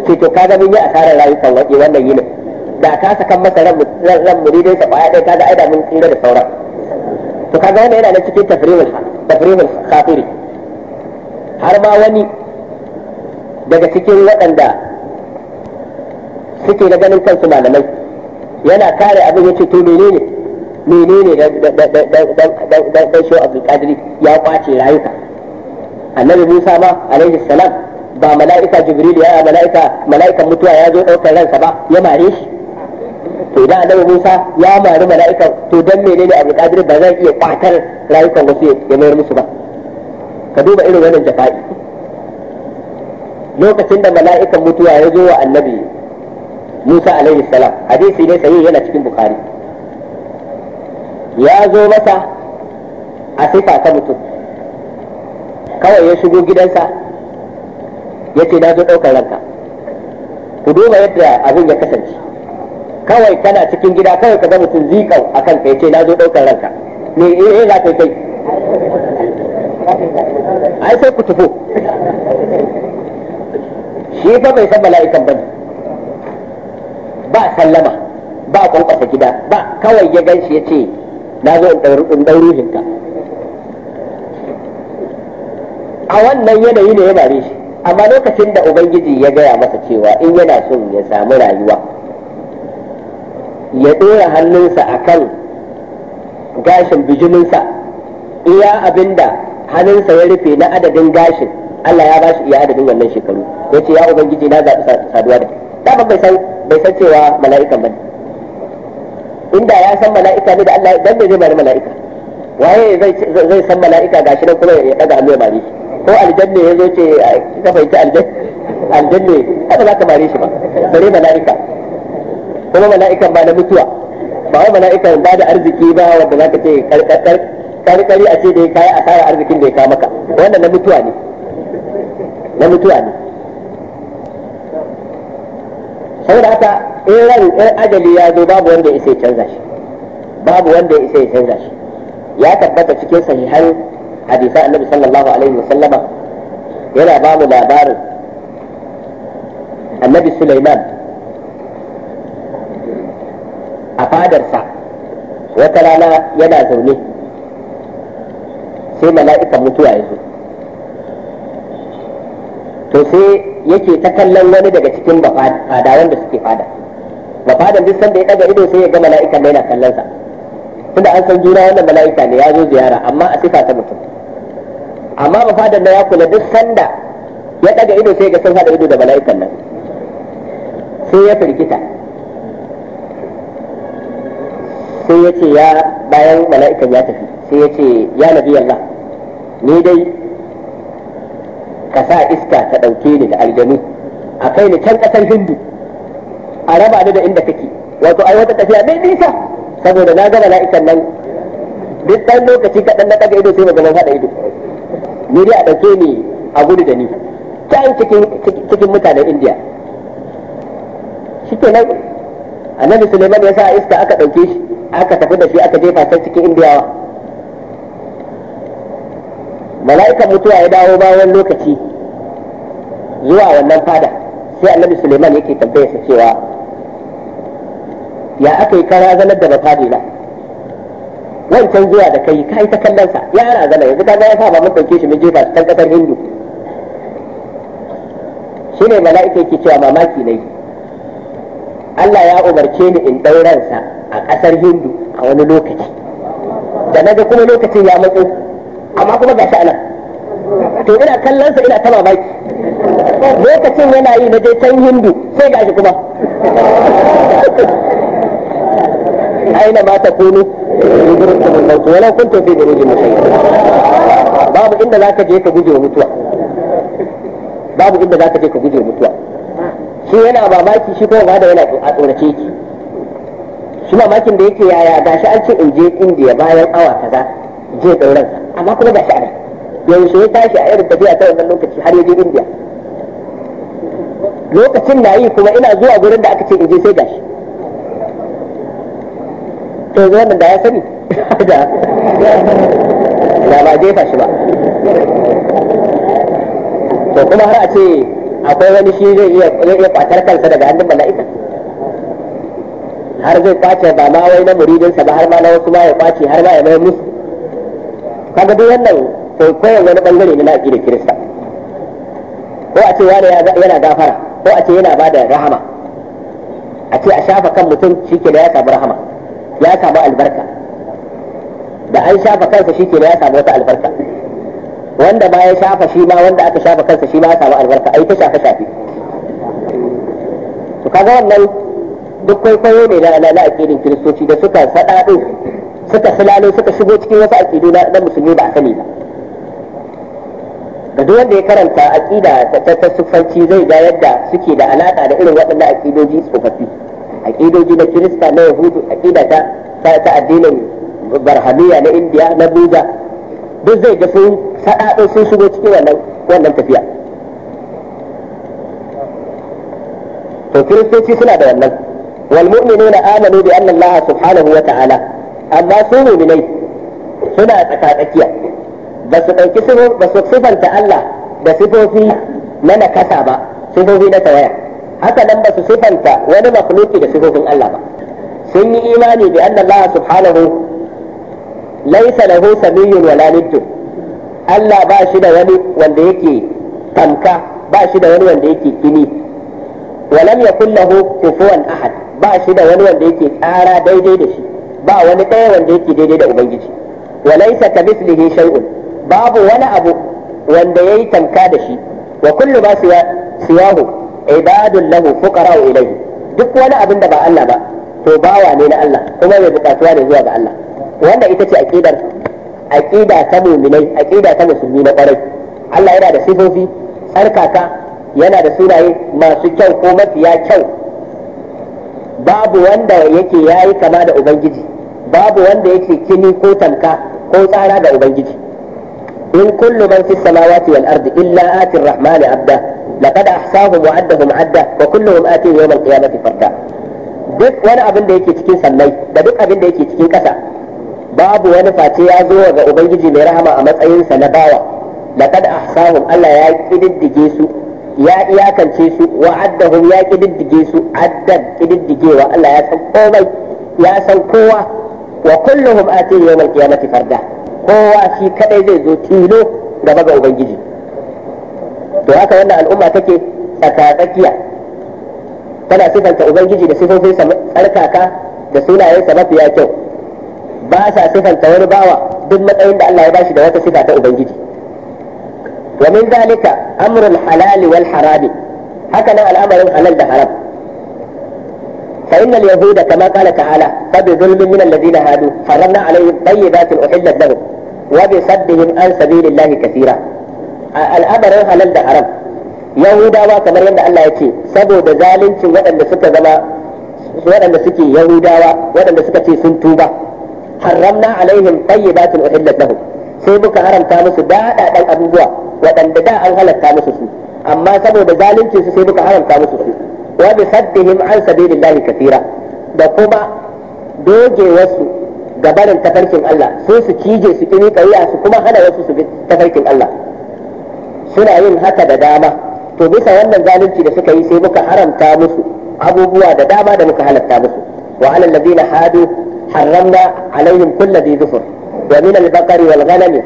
ce to ka mun yi asarar rayukan waje wannan yinin da ka sakan masa ran muridin sa baya dai ga aida mun tsira da sauran to ga wannan yana da cikin tafrimul tafrimul khatiri har ma wani daga cikin waɗanda suke na ganin kansu malamai yana kare abin yace to menene ne menene dan dan shehu abdulkadiri ya kwace rayuka annabi musa ba, alaihi salam ba mala'ika jibril ya mala'ika mala'ikan mutuwa ya zo ɗaukar ransa ba ya mare shi to idan annabi musa ya mari mala'ika to dan menene abdulkadiri ba zai iya kwatar rayukan wasu ya mayar musu ba ka duba irin wannan jafa'i lokacin da mala'ikan mutuwa ya zo wa annabi musa alaihi salam hadisi ne sahihi yana cikin bukhari ya zo masa a sifa ta mutum kawai ya shigo gidansa ya ce na zo ɗaukar ranka ku duba yadda abin ya kasance kawai kana cikin gida kawai ka ga mutum zikau a kanka ya ce na zo ɗaukar ranka me eh, eh za ka kai ai sai ku tufo shi fa bai san mala'ikan bane ba sallama ba kwankwasa gida ba kawai ya gan shi ya ce na zo in ɗauri ruhinka a wannan yanayi ne ya bare shi amma lokacin da ubangiji ya gaya masa cewa in yana son ya samu rayuwa ya ɗora hannunsa a kan gashin bijiminsa iya abinda hannunsa ya rufe na adadin gashin Allah ya ba shi iya adadin wannan shekaru ya ce ya ubangiji na zaɓi saduwa da ta bai san cewa mala'ikan ba inda ya san mala'ika ne da Allah dan ne zai bari mala'ika waye zai zai san mala'ika gashi nan kuma ya daga Allah ya bari ko aljanna ya zo ce ka fahimci aljanna aljanna kada za ka bari shi ba bare mala'ika kuma mala'ikan ba na mutuwa ba wai mala'ikan ba da arziki ba wanda za ka ce karkar karkari a ce da ya kayi asara arzikin da ya ka maka wannan na mutuwa ne na mutuwa ne saboda haka in ran in ajali ya zo babu wanda ya canza shi babu wanda ya isa canza shi ya tabbata cikin sahihan hadisa annabi sallallahu alaihi wa sallama yana ba mu labarin annabi suleiman a fadarsa wata rana yana zaune sai mala'ikan mutuwa ya zo to sai yake ta kallon wani daga cikin fadawan da suke fada ba duk sanda ya daga ido sai ya ga mala'ika mala'ikan yana kallon sa tunda an san juna wannan mala'ika ne ya zo ziyara amma a sifa ta mutum amma ba da ya kula duk sanda ya daga ido sai ya ga sun hada ido da mala'ikan nan sai ya firgita sai ya ce ya bayan mala'ikan ya tafi sai ya ce ya nabi Allah ni dai ka sa iska ta ɗauke ni da aljanu a kai ni can ƙasar hindu a raba ni da inda kake wato ai wata tafiya mai nisa saboda na gama la'ikan nan duk ɗan lokaci kaɗan na ɗaga ido sai maganin haɗa ido ni dai a ɗauke ni a gudu da ni can cikin mutanen indiya shike nan, annabi suleiman ya sa iska aka ɗauke shi aka tafi da shi aka jefa can cikin indiyawa mala'ikan mutuwa ya dawo bayan lokaci zuwa wannan fada sai annabi suleiman yake tambayarsa cewa ya aka yi kara zanar da batari na wancan zuwa da kai ka yi ta kallonsa ya ana zana yanzu kaga ya saba mun ɗauke shi mun jefa shi can hindu shi ne mala'ika yake cewa mamaki ne Allah ya umarce ni in ɗauransa a ƙasar hindu a wani lokaci da na ga kuma lokacin ya matso amma kuma ga anan to ina kallon sa ina ta mamaki lokacin yana yi na je can hindu sai gashi kuma aina ma ta kunu kun ta fi burujin mushayyad babu inda zaka je ka guje mutuwa babu inda zaka je ka guje mutuwa shi yana mamaki shi kuma ba da yana a tsorace ki shi mamakin da yake yaya gashi an ce in je indiya bayan awa kaza je ɗauransa amma kuma ga sha'anin yanzu ya tashi a irin tafiya ta wannan lokaci har ya je indiya lokacin na yi kuma ina zuwa gurin da aka ce in je sai gashi to yanzu wannan da ya sani (laughs) da ba jefa shi ba to kuma har a ce akwai wani shi zai iya kwatar kansa daga hannun mala'ika har zai kwace ba ma wai na muridinsa ba har ma na wasu ma ya kwace har ma ya mai musu kaga duk wannan kwaikwayon wani bangare ne na aƙidar kirista ko a ce wani yana gafara ko a ce yana ba da rahama a ce a shafa kan mutum shi ke ya samu rahama ya samu albarka da an shafa kansa shi ke ya samu wata albarka wanda ba ya shafa shi ma wanda aka shafa kansa shi ma ya samu albarka ai ta shafa shafi to kaga wannan duk kwaikwayo ne na na aƙidin kiristoci da suka faɗa suka silalo suka shigo cikin wasu aƙidu na musulmi ba sani ba ga duk wanda ya karanta aƙida ta ta sufanci zai ga yadda suke da alaƙa da irin waɗannan aƙidoji tsofaffi aƙidoji na kirista na yahudu aƙida ta ta addinin barhamiya na indiya na buda duk zai ga sun saɗaɗo sun shigo cikin wannan wannan tafiya to kiristoci suna da wannan wal mu'minuna amanu bi anna allaha subhanahu wa ta'ala amma su mu'minai suna tsakatsakiya ba su ɗauki ba su sifanta Allah da sifofi na nakasa ba sifofi na tawaya haka nan ba su sifanta wani makhluki da sifofin Allah ba sun yi imani bi anna Allah subhanahu laysa lahu samiyyun wala niddu Allah ba shi da wani wanda yake tamka ba shi da wani wanda yake kini walam yakul lahu kufuwan ahad ba shi da wani wanda yake tsara daidai da shi ba wani ɗaya wanda yake daidai da ubangiji ka mislihi shay'un babu wani abu wanda yayi tanka da shi wa kullu ma siyahu ibadun lahu fuqara ilayhi duk wani abin da ba Allah ba to bawa ne na Allah kuma mai bukatuwa ne zuwa ga Allah wanda ita ce aqidar aqida ta mu'minai aqida ta musulmi na kwarai Allah yana da sifofi tsarkaka yana da sunaye masu kyau ko mafiya kyau babu wanda yake yi kama da ubangiji babu wanda yake kini ko tamka ko tsara da ubangiji in kullu man fi samawati wal ardi illa ati rahmani abda laqad ahsahum wa addahum adda wa kulluhum ati yawm al-qiyamati farda duk wani abin da yake cikin sannai da duk abin da yake cikin kasa babu wani face ya zo ga ubangiji mai rahama a matsayinsa na bawa laqad ahsahum Allah ya kididdige su ya iyakance su wa addahum ya kididdige su addan kididdigewa Allah ya san komai ya san kowa wa kulluhum ati yawm al-qiyamati farda kowa shi kadai zai zo tilo gaba ga ubangiji to haka wannan al'umma take tsakatsakiya tana sifanta ubangiji da sifofin tsarkaka da sunayensa mafiya kyau ba sa sifanta wani bawa duk matsayin da Allah ya bashi da wata sifa ta ubangiji wa min zalika amrul halal wal haram haka nan al'amarin halal da haram فإن اليهود كما قال تعالى فبظلم من الذين هادوا حرمنا عليهم طيبات أحلت لهم وبصدهم عن سبيل الله كثيرا الأمر هلال ده حرام يهوداوا كما يند الله يكي سبو بزالنش ودن سكة زما ودن سكي يهوداوا ودن سكة سن توبة حرمنا عليهم طيبات أحلت لهم سيبك حرم تامس دا دا دا أبوبوا waɗanda da an halatta musu su amma saboda zalunci su sai muka haramta musu su wa bi saddihim an sabilillahi kathira da kuma doge wasu gabarin tafarkin Allah sai su cije su kimi kariya su kuma hana wasu su bi tafarkin Allah suna yin haka da dama to bisa wannan zalunci da suka yi sai muka haramta musu abubuwa da dama da muka halatta musu wa alal ladina hadu harramna alaihim kulli dhi dhufr wa min al-baqari wal ghanami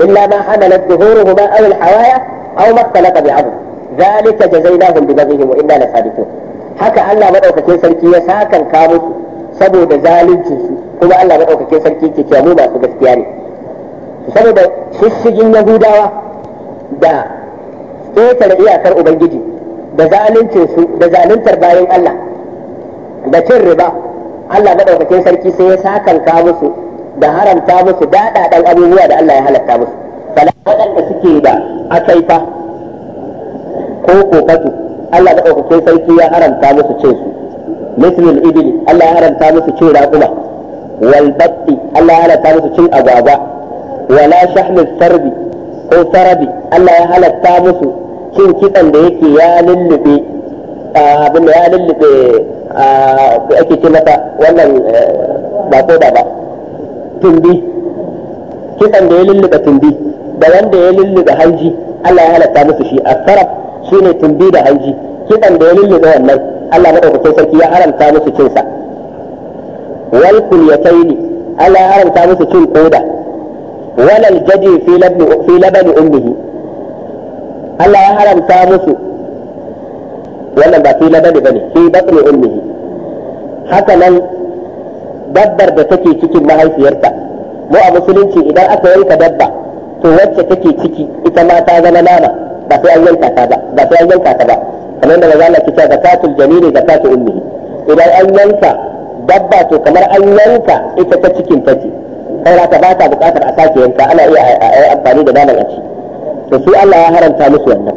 إلا ما حملت ظهورهما أو الحوايا أو ما اختلط بعظم ذلك جزيناهم ببغيهم وإنا لصادقون haka Allah maɗaukakin sarki ya sakan kawo su saboda zalunci su kuma Allah maɗaukakin sarki ke cewa masu gaskiya ne saboda shishigin Yahudawa da ƙetare iyakar Ubangiji da zaluncin su da zaluntar bayan Allah da cin riba Allah maɗaukakin sarki sai ya sakan kawo da haramta musu daɗaɗan abubuwa da Allah ya halatta musu bala waɗanda suke da akaifa ko kokatu Allah da ɗaukakin sarki ya haramta musu ce su mislil ibili Allah ya haramta musu cin raƙuma wal batti Allah ya halatta musu cin agwagwa wala shahmil sarbi ko sarabi Allah ya halatta musu cin kitsan da yake ya lullube abin da ya lullube ake ce mata wannan eh, ba ko da ba tumbi kitsan da ya lulluɓa tumbi da wanda ya lulluɓa hanji Allah ya halatta musu shi asara ne tumbi da hanji kitsan da ya lulluɓa wannan Allah na madaukakin sarki ya haramta musu cinsa wal kulyataini Allah ya haramta musu cin koda walal jadi fi labani ummihi Allah ya haramta musu wannan ba fi labani bane fi batni ummihi haka nan dabbar da take cikin mahaifiyarta mu a musulunci idan aka yanka dabba to wacce take ciki ita ma ta zama nama ba sai an yanka ta ba ba sai an yanka ta ba kamar da maza ke cewa zakatul jamili zakatu ummi idan an yanka dabba to kamar an yanka ita ta cikin ta ce saboda ta ba ta bukatar a sake yanka ana iya amfani da naman a ci to sai Allah ya haranta musu wannan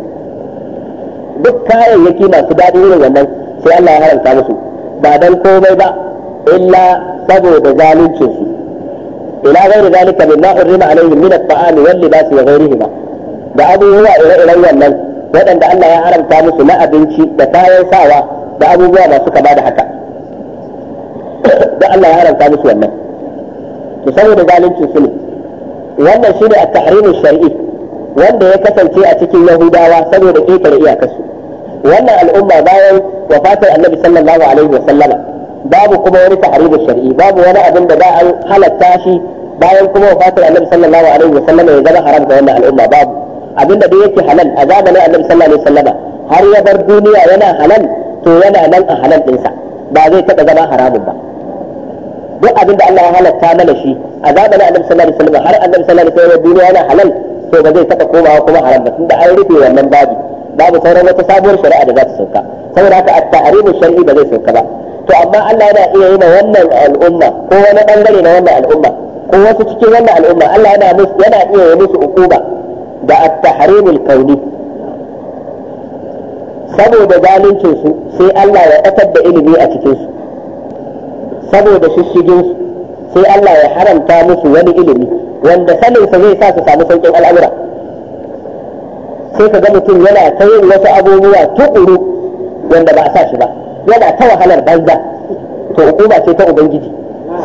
duk kayayyaki masu daɗi irin wannan sai Allah ya haranta musu ba dan komai ba illa saboda zaluncin su ila ghairi zalika mimma urima alaihim min at-ta'am wal libas wa ghairihima da abubuwa ire-iren wannan waɗanda Allah ya haramta musu na abinci da kayan sawa da abubuwa masu kama da haka da Allah ya haramta musu wannan to saboda zaluncin su ne wannan shine at-tahrimu shar'i wanda ya kasance a cikin Yahudawa saboda ƙetare iyakarsu wannan al'umma bayan wafatar Annabi sallallahu alaihi wa sallama babu kuma wani tahrimu shar'i babu wani abin da ba an halatta shi bayan kuma wafatar annabi sallallahu alaihi wa sallam ya zama haram ga wannan al'umma babu abin da dai yake halal a zamanin annabi sallallahu alaihi wa sallama har ya bar duniya yana halal to yana nan a halal dinsa ba zai taɓa zama haramun ba duk abin da Allah ya halatta mana shi a zamanin annabi sallallahu alaihi wa sallam har annabi sallallahu alaihi wa sallam duniya yana halal to ba zai taɓa komawa kuma haram ba tunda an rufe wannan babu babu sauran wata sabuwar shari'a da za ta sauka saboda haka at-tahrimu shar'i ba zai sauka ba to amma Allah yana iya yi na wannan al'umma ko wani bangare na wannan al'umma ko wasu cikin wannan al'umma Allah yana musu yana iya yi musu ukuba da at-tahrimu al-kauni saboda zaluncin su sai Allah ya ɗatar da ilimi a cikin su saboda shishigin su sai Allah ya haramta musu wani ilimi wanda sanin sa zai sa su samu saukin al'amura sai ka ga mutum yana ta yin wasu abubuwa tuƙuru wanda ba a sa shi ba yana ta wahalar banza to hukuma ce ta ubangiji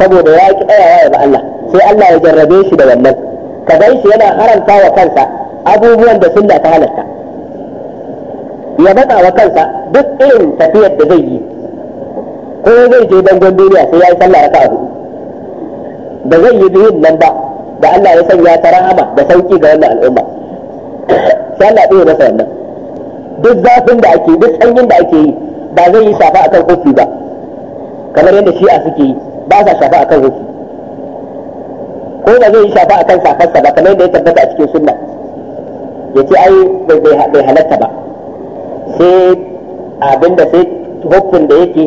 saboda ya ki tsayawa ya ba Allah sai Allah ya jarrabe shi da wannan ka gan shi yana haramta wa kansa abubuwan da sunna ta halarta ya matsa wa kansa duk irin tafiyar da zai yi ko zai je bangon duniya sai ya yi sallah raka'a hudu ba zai yi biyun nan ba da Allah ya sanya ta rahama da sauki ga wannan al'umma sai Allah ɗaya masa wannan duk zafin da ake duk sanyin da ake yi ba zai yi shafa akan kofi ba kamar yadda shi'a suke yi ba sa shafa akan kofi ko ba zai yi shafa akan safarsa ba kamar yadda ya tabbata a cikin sunna ya ce ai bai halatta ba sai abinda sai hukun da yake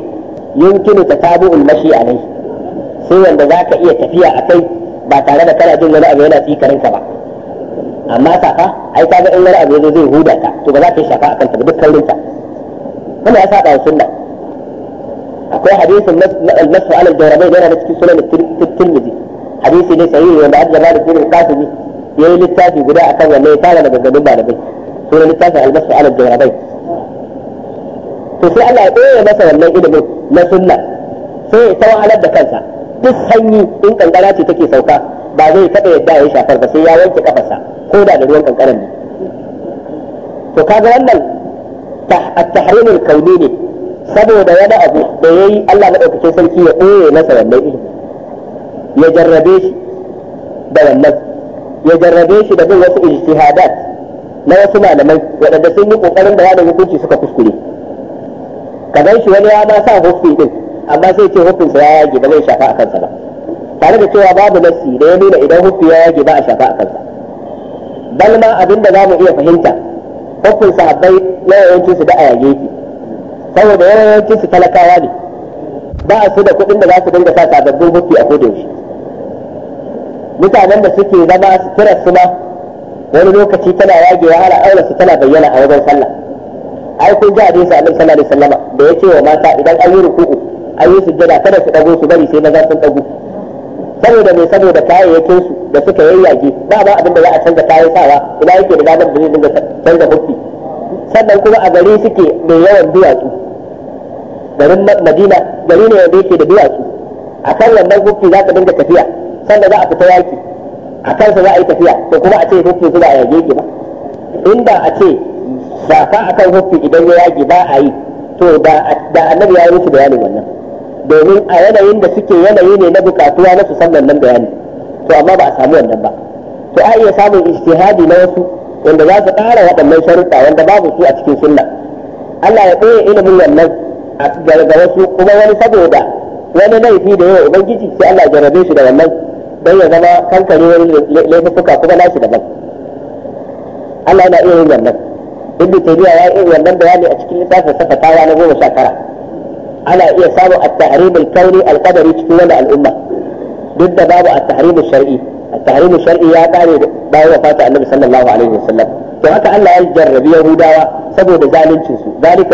yunkinu ta tabu'ul mashi a nai sai wanda za ka iya tafiya a kai ba tare da kana jin wani abu yana karinka ba amma safa ai kaga in wani abu yazo zai huda ka to ba za ta yi shafa akan ta duk kaurin ta kuma ya saba sunna akwai hadisin al-masu ala al yana da cikin sunan at-tirmidhi hadisi ne sahihi wanda Abu Jabal bin al ya yi littafi guda a kan wannan ya tara daga gaban malamai sunan littafin al-masu ala al-jawrabain to sai Allah ya koya masa wannan ilimin na sunna sai ya tawahalar da kansa duk sanyi in kankara ce take sauka ba zai taɓa yadda ya shafar ba sai ya wanke kafarsa ko da da ruwan kankaran ne to kaga wannan at-tahrim kauni ne saboda wani abu da yayi Allah madaukakin sarki ya boye masa wannan ilimi ya jarrabe shi da wannan ya jarrabe shi da bin wasu ijtihadat na wasu malamai waɗanda sun yi ƙoƙarin da da hukunci suka kuskure ka gan shi wani ya ma sa hukunci din amma sai ce hukunsa sa ya yage ba zai shafa a kansa ba tare da cewa babu nassi da ya nuna idan hufi ya yage ba a shafa a kansa bal ma abin da zamu iya fahimta hufin sahabbai na yawancin su da a yage ki saboda yawancin su talakawa ne ba a su da kuɗin da za su dinga sa sababbin hufi a shi mutanen da suke zama su kira su ma wani lokaci tana yagewa hala aure su tana bayyana a wajen sallah ai kun ji hadisi annabi sallallahu alaihi wasallam da yake wa mata idan an yi ruku ayi sujjada kada su dago su bari sai maza sun dago saboda mai saboda kayayyakin su da suka yayyage ba ba abin da za a canza kayan sawa ina yake da damar da zai dinga canza hukki sannan kuma a gari suke mai yawan duwatsu garin madina gari ne wanda yake da duwatsu a kan wannan hukki za ka dinga tafiya sannan za a fita yaki a kansa za a yi tafiya to kuma a ce hukki su ba a yage ba inda a ce ba fa akan hukki idan ya yage ba a yi to da annabi ya yi musu bayanin wannan domin a yanayin da suke yanayi ne na bukatuwa na su san wannan bayani to amma ba a samu wannan ba to a iya samun ijtihadi na wasu wanda za su ƙara waɗannan sharuɗa wanda babu su a cikin sunna Allah ya ɓoye ilimin wannan ga wasu kuma wani saboda wani laifi da yawa ubangiji sai Allah ya jarabe shi da wannan don ya zama kankare wani laifuka kuma nashi daban Allah yana iya yin wannan ibnu taymiya ya yi wannan bayani a cikin littafin sa fatawa na goma sha tara ana iya samun a tahrim al-kauni al cikin wani al'umma duk da babu a tahrim al a at-tahrim ya kare bayan wafatin annabi sallallahu alaihi wasallam to haka Allah ya jarrabi yahudawa saboda zaluncin su zalika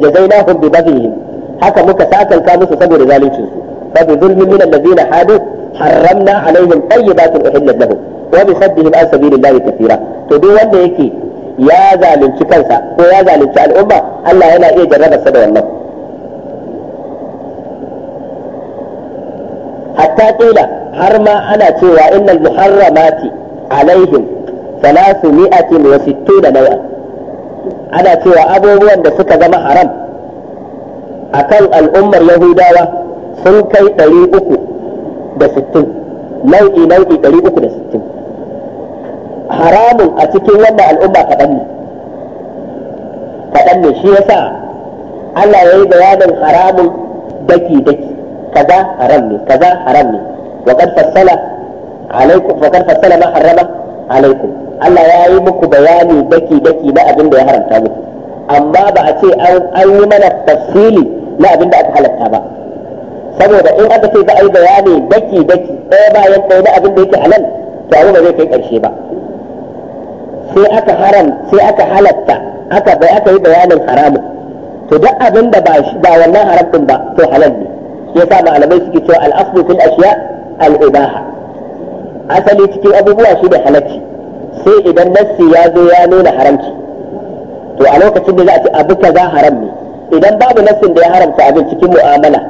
jazainahum bi baghihim haka muka sakanka musu saboda zaluncin su fa bi zulmin min alladhina hadu harramna alaihim tayyibatin uhillat lahum wa bi saddihim an sabilillahi kathira to duk wanda yake ya zalunci kansa ko ya zalunci al'umma Allah yana iya jarrabarsa da wannan hatta kila har ma ana cewa innal muharramati alaihim salasu mi'atin wa sittuna nau'a ana cewa abubuwan da suka zama haram akan al'ummar yahudawa sun kai ɗari uku da sittin nau'i nau'i ɗari uku da sittin haramun a cikin wannan al'umma kaɗan ne kaɗan ne shi yasa Allah ya yi bayanin haramun daki-daki kaza haram ne kaza haram ne wa qad alaikum wa qad fassala ma alaikum Allah ya yi muku bayani daki daki na abin da ya haramta muku amma ba a ce an yi mana tafsili na abin da aka halatta ba saboda in aka ce za a yi bayani daki daki ɗaya bayan ɗaya na abin da yake halal to abu ba zai kai ƙarshe ba sai aka haram sai aka halatta aka bai aka yi bayanin haramun to duk abin da ba wannan haram ɗin ba to halal ne yasa malamai suke cewa al-aslu fil ashiya al-ibaha asali cikin abubuwa shi da halacci sai idan nassi ya zo ya nuna haramci to a lokacin da za a ce abu kaza haram ne idan babu nassin da ya haramta abin cikin mu'amala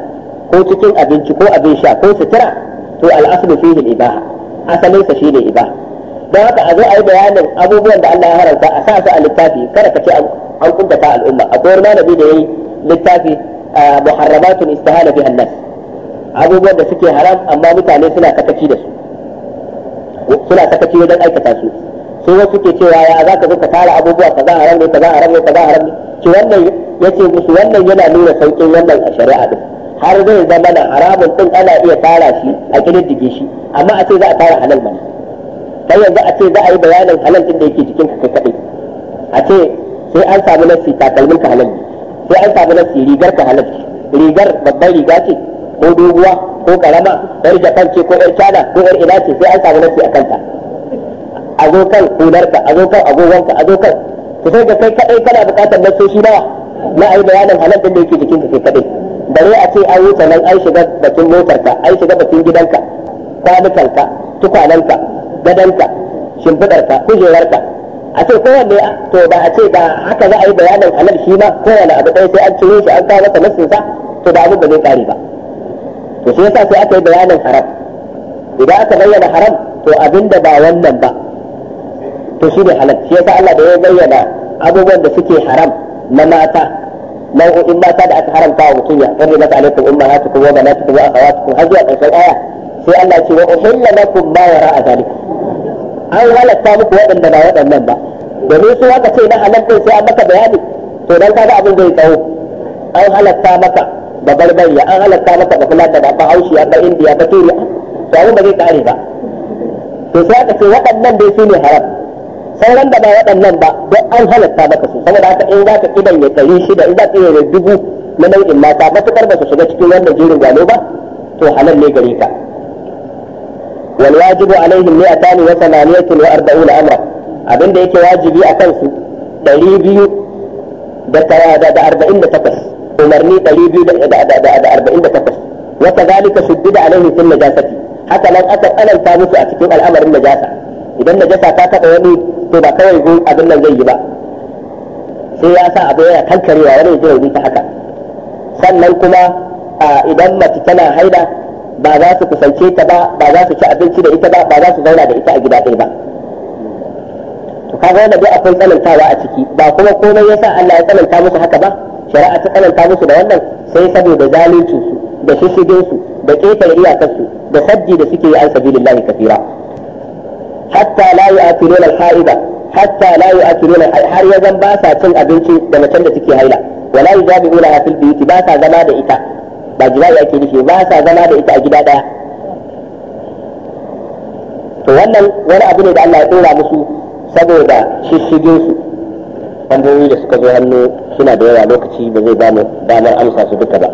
ko cikin abinci ko abin sha ko sutura to al-aslu fihi al'ibaha. asalin sa shine ibaha Da haka a zo a yi bayanin abubuwan da Allah ya haramta a sa su a littafi kada ka ce an kuntata al'umma akwai wani malami da yayi littafi muharramatun istihala biha nas abubuwan da suke haram amma mutane suna sakaci da su suna sakaci wajen aikata su su wasu ke cewa ya za ka zo ka tara abubuwa kaza haram ne kaza haram ne kaza haram ne ki wannan yace musu wannan yana nuna saukin wannan a shari'a din har zai zama na haramun din ana iya tara shi a kididdige shi amma a ce za a tara halal mana kai yanzu a ce za a yi bayanin halal din da yake jikin ka a ce sai an sami nasi takalmin ka halal sai an samu nasi rigar ka halarci rigar babban riga ce ko doguwa ko karama yar japan ce ko yar china ko yar ina ce sai an samu nasi a kanta a zo kan hularka a zo kan agogonka a zo kan ku sai ga kai kadai kana bukatar nasoshi nawa na ai bayanin halattun da yake ka kai kadai bare a ce an wuce nan an shiga bakin motarka an shiga bakin gidanka kwanukanka tukwananka gadanka shimfidarka kujerarka a ce kowanne to ba a ce ba haka za a yi bayanin halal shi ma kowane abu ɗaya sai an ciro shi an kawo masa sa to da abin ba zai ƙare ba to shi yasa sai aka yi bayanin haram idan aka bayyana haram to abinda ba wannan ba to shi ne halal shi yasa Allah da ya bayyana abubuwan da suke haram na mata nau'o'in mata da aka haramta wa mutum ya kan rimata alaikum ummahatukum wa banatukum wa akhawatukum har zuwa ƙarshen aya sai Allah ce wa uhilla lakum ma wara'a zalikum an halatta muku waɗanda ba waɗannan ba domin su haka ce na halal ɗin sai an maka bayani to dan kaga abin zai tsawo an halatta maka da barbariya an halatta maka da fulata da ba haushi ba indiya ba turiya to abin ba zai kare ba to sai haka ce waɗannan dai su ne haram sauran da ba waɗannan ba duk an halatta maka su saboda haka in za ka kidan ya kari shida in za ka iya dubu na nau'in mata matuƙar ba su shiga cikin wannan jerin gano ba to halal ne gare ka wal wajibu alaihim mi'atan wa thamaniyatun wa arba'una amra abinda yake wajibi a kansu ɗari biyu da da arba'in da takwas umarni ɗari biyu da arba'in da takwas wata zalika shuddida alaihim fil najasati haka nan aka tsananta musu a cikin al'amarin najasa idan najasa ta taɓa wani to ba kawai abin nan zai yi ba sai ya sa yana kankarewa wani ya ta haka sannan kuma idan mace tana haida ba za su kusance ta ba ba za su ci abinci da ita ba ba za su zauna da ita a gida ɗaya ba to kaga wannan dai akwai tsanantawa a ciki ba kuma komai yasa Allah ya tsananta musu haka ba shari'a ta tsananta musu da wannan sai saboda zalincin su da shishigin su da ƙetare iyakar su da sabji da suke yi an sabilillahi kafira hatta la yu'athiruna al-ha'ida hatta la yu'athiruna har ya zan ba sa cin abinci da macen da take haila wala yujabi'una fil biyuti ba sa zama da ita ba jima'i ake nufi ba sa zama da ita a gida daya to wannan wani abu ne da Allah ya dora musu saboda shishigin su bandoyi da suka zo hannu suna da yawa lokaci ba zai bamu damar amsa su duka ba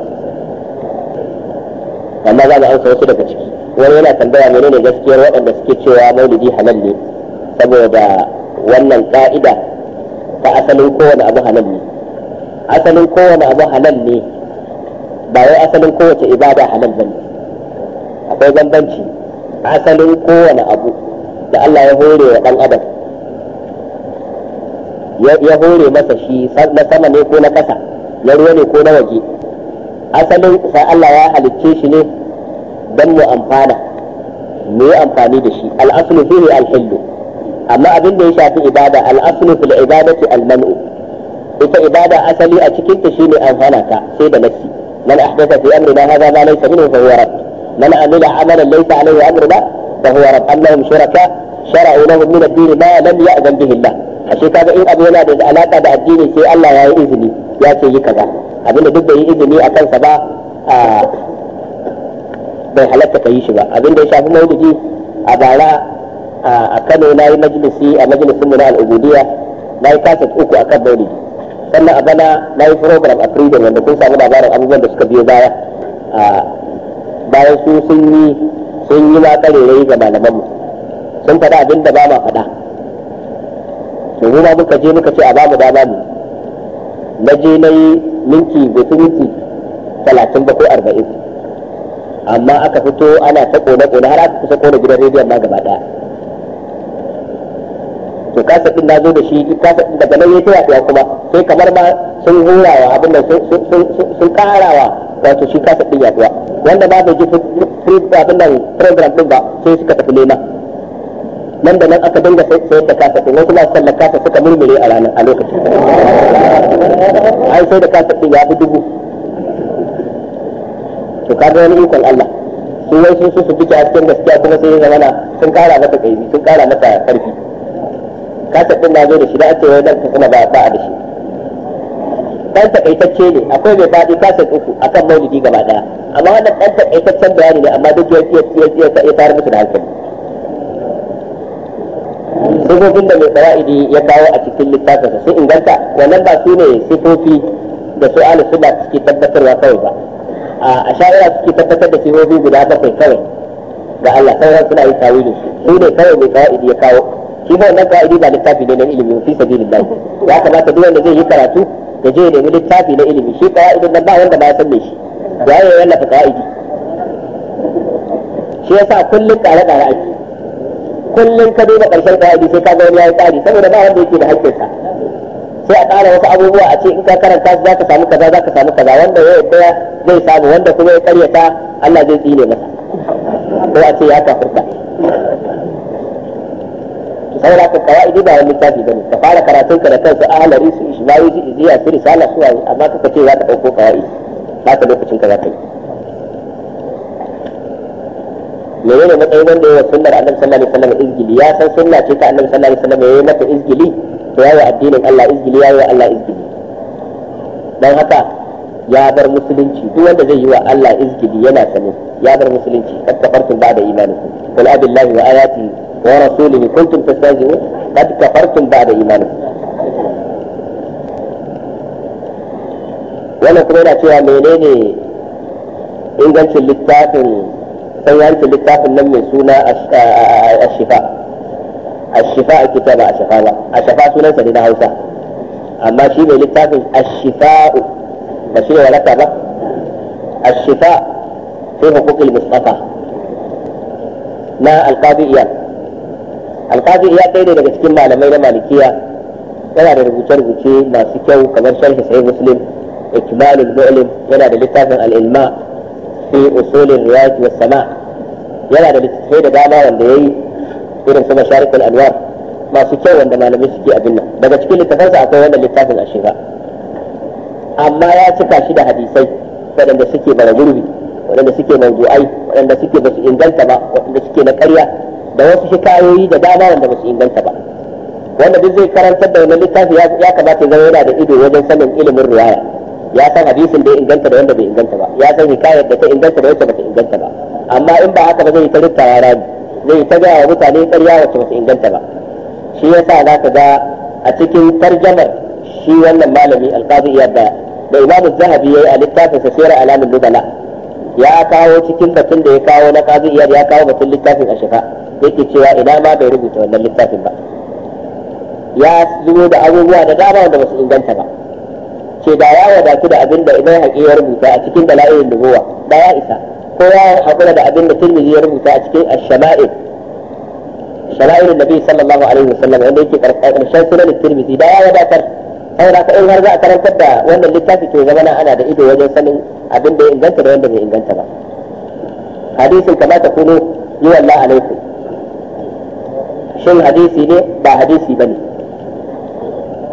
amma za mu amsa wasu daga ciki wani yana tambaya ne gaskiyar waɗanda suke cewa maulidi halal ne saboda wannan ka'ida ta asalin kowane abu halal ne asalin kowane abu halal ne ba wai asalin kowace ibada halal bane akwai bambanci asalin kowane abu da Allah ya hore wa dan adam ya hore masa shi na sama ne ko na kasa na ruwa ne ko na waje asalin sai Allah ya halicce shi ne don mu amfana mu yi amfani da shi al'aslu fihi al-hillu amma abin da ya shafi ibada al'aslu fil ibadati al-man'u ita ibada asali a cikin ta shine an hana ta sai da nafsi من احدث في امرنا هذا ما ليس منه فهو رد من عمل عملا ليس عليه امرنا فهو رد انهم شركاء شرعوا لهم من الدين ما لم ياذن به الله الشيخ هذا ان ابو ولاد الا تبع الدين في الله يا اذني يا سيدي كذا اللي بده اذني اكل سبا آه، بين حالات تكيش بقى ابن ده شاف مولد جي ابا لا آه، اكل ولاي مجلسي مجلس منا العبوديه ما يكاسك اوكو اكل مولد sannan a bana na yi program a freedom wanda kun samu labarin abubuwan da suka biyo baya bayan su sun yi sun yi ma karerai ga malamanmu sun faɗa abin da ba ma faɗa to mu ma muka je muka ce a ba mu dama mu na je na yi minti bai talatin ba ko arba'in amma aka fito ana ta kone-kone har aka kusa kone gidan rediyon ma gaba ɗaya to kasa din na zo da shi kasa din daga nan ya tsaya tsaya kuma sai kamar ma sun hurawa abin da sun karawa wato shi kasa din ya tsaya wanda ba bai ji abin nan program din ba sai suka tafi nema nan da nan aka dinga sayar da kasa din wasu masu sallar kasa suka murmure a ranar a lokacin ai sai da kasa din ya fi dubu to kaga wani ikon Allah su wai sun su fike a cikin gaskiya kuma sai ya zama sun kara mata kaimi sun kara mata karfi kasar din na zo da shi da ake wai nan katsina ba a da shi dan takaitacce ne akwai mai faɗi kasar uku akan maulidi gaba daya amma wannan dan takaitaccen bayani ne amma duk ya ya fara musu da hankali sifofin da mai fara'idi ya kawo a cikin littafinsa sun inganta wannan ba su ne sifofi da su ala suna suke tabbatarwa kawai ba a sha'ira suke tabbatar da sifofi guda bakwai kawai ga Allah sauran suna yi tawilin su su ne kawai mai fara'idi ya kawo shi ba wannan ka'idi ba littafi ne na ilimi fi sabilillah ya kamata duk wanda zai yi karatu ya je ya nemi littafi na ilimi shi ka'idin nan ba wanda ba ya san me shi ya yi wallafa ka'idi shi yasa kullum tsare tsare ake kullum ka duba karshen ka'idi sai ka ga wani yayi tsari saboda ba wanda yake da sa sai a ƙara wasu abubuwa a ce in ka karanta za ka samu kaza za ka samu kaza wanda ya yarda zai samu wanda kuma ya karyata Allah zai tsine masa ko a ce ya kafirta Ki saura ka kawaidi ba wani littafi bane ka fara karatun ka da kansu halari su ishmawi su iziya su risala su waye amma ka ce za ka dauko kawaidi ba ka lokacin ka za ka yi menene matsayin wanda ya yi sunnar annabi sallallahu alaihi wasallam izgili ya san sunna ce ta annabi sallallahu alaihi wasallam yi mata izgili to yi addinin Allah izgili yi Allah izgili dan haka ya bar musulunci duk wanda zai yi wa Allah izgili yana sanin ya bar musulunci kad ba ba'da imanikum kul abillahi wa ayati ورسوله كنتم تستهزئون قد كفرتم بعد إيمانكم wannan kuma yana cewa menene ingancin littafin sahihancin littafin nan mai suna ashifa ashifa a kita ba ashifa ba ashifa sunansa ne na hausa amma shi mai littafin ashifa'u ba shi ne waraka ba ashifa sai hukukul mustafa na alqadi iyal alkazi ya kai ne daga cikin malamai na malikiya yana da rubuce-rubuce masu kyau kamar sharhi sahih muslim ikmalul mu'lim yana da littafin al'ilma fi usulin riyad wa sama yana da littafai da dama wanda yayi irin su masharikul anwar masu kyau wanda malamai suke abin nan daga cikin littafansa akwai wannan littafin ashira amma ya cika shi da hadisai waɗanda suke bara gurbi waɗanda suke mawdu'ai waɗanda suke basu inganta ba waɗanda suke na ƙarya da wasu hikayoyi da dama wanda ba su inganta ba wanda duk zai karantar da wani littafi ya kamata ya zama yana da ido wajen sanin ilimin riwaya ya san hadisin da ya inganta da wanda bai inganta ba ya san hikayar da ta inganta da wacce ba ta inganta ba amma in ba haka ba zai ta rikta ya rami zai ta gaya wa mutane karya wacce ba ta inganta ba shi ya sa za ka ga a cikin tarjamar shi wannan malami alqazi iyad da da imamu zahabi yi a littafinsa sera alamin lubala ya kawo cikin batun da ya kawo na kazu iyar ya kawo batun littafin a shafa yake cewa ina ma bai rubuta wannan littafin ba ya zubo da abubuwa da dama wanda basu inganta ba ce da ya wadatu da abin da idan haƙi ya rubuta a cikin dala'ilin nubuwa da ya isa ko ya haƙura da abin da tirmidhi ya rubuta a cikin ash-shama'il shama'ilun nabi sallallahu alaihi wasallam wanda yake ƙarshen sunan tirmidhi da ya wadatar kai ka in har za a karantar da wannan littafi to zama na ana da ido wajen sanin abin da ya inganta da wanda bai inganta ba hadisin kamata kuno yi wallah alaikum shin hadisi ne ba hadisi bane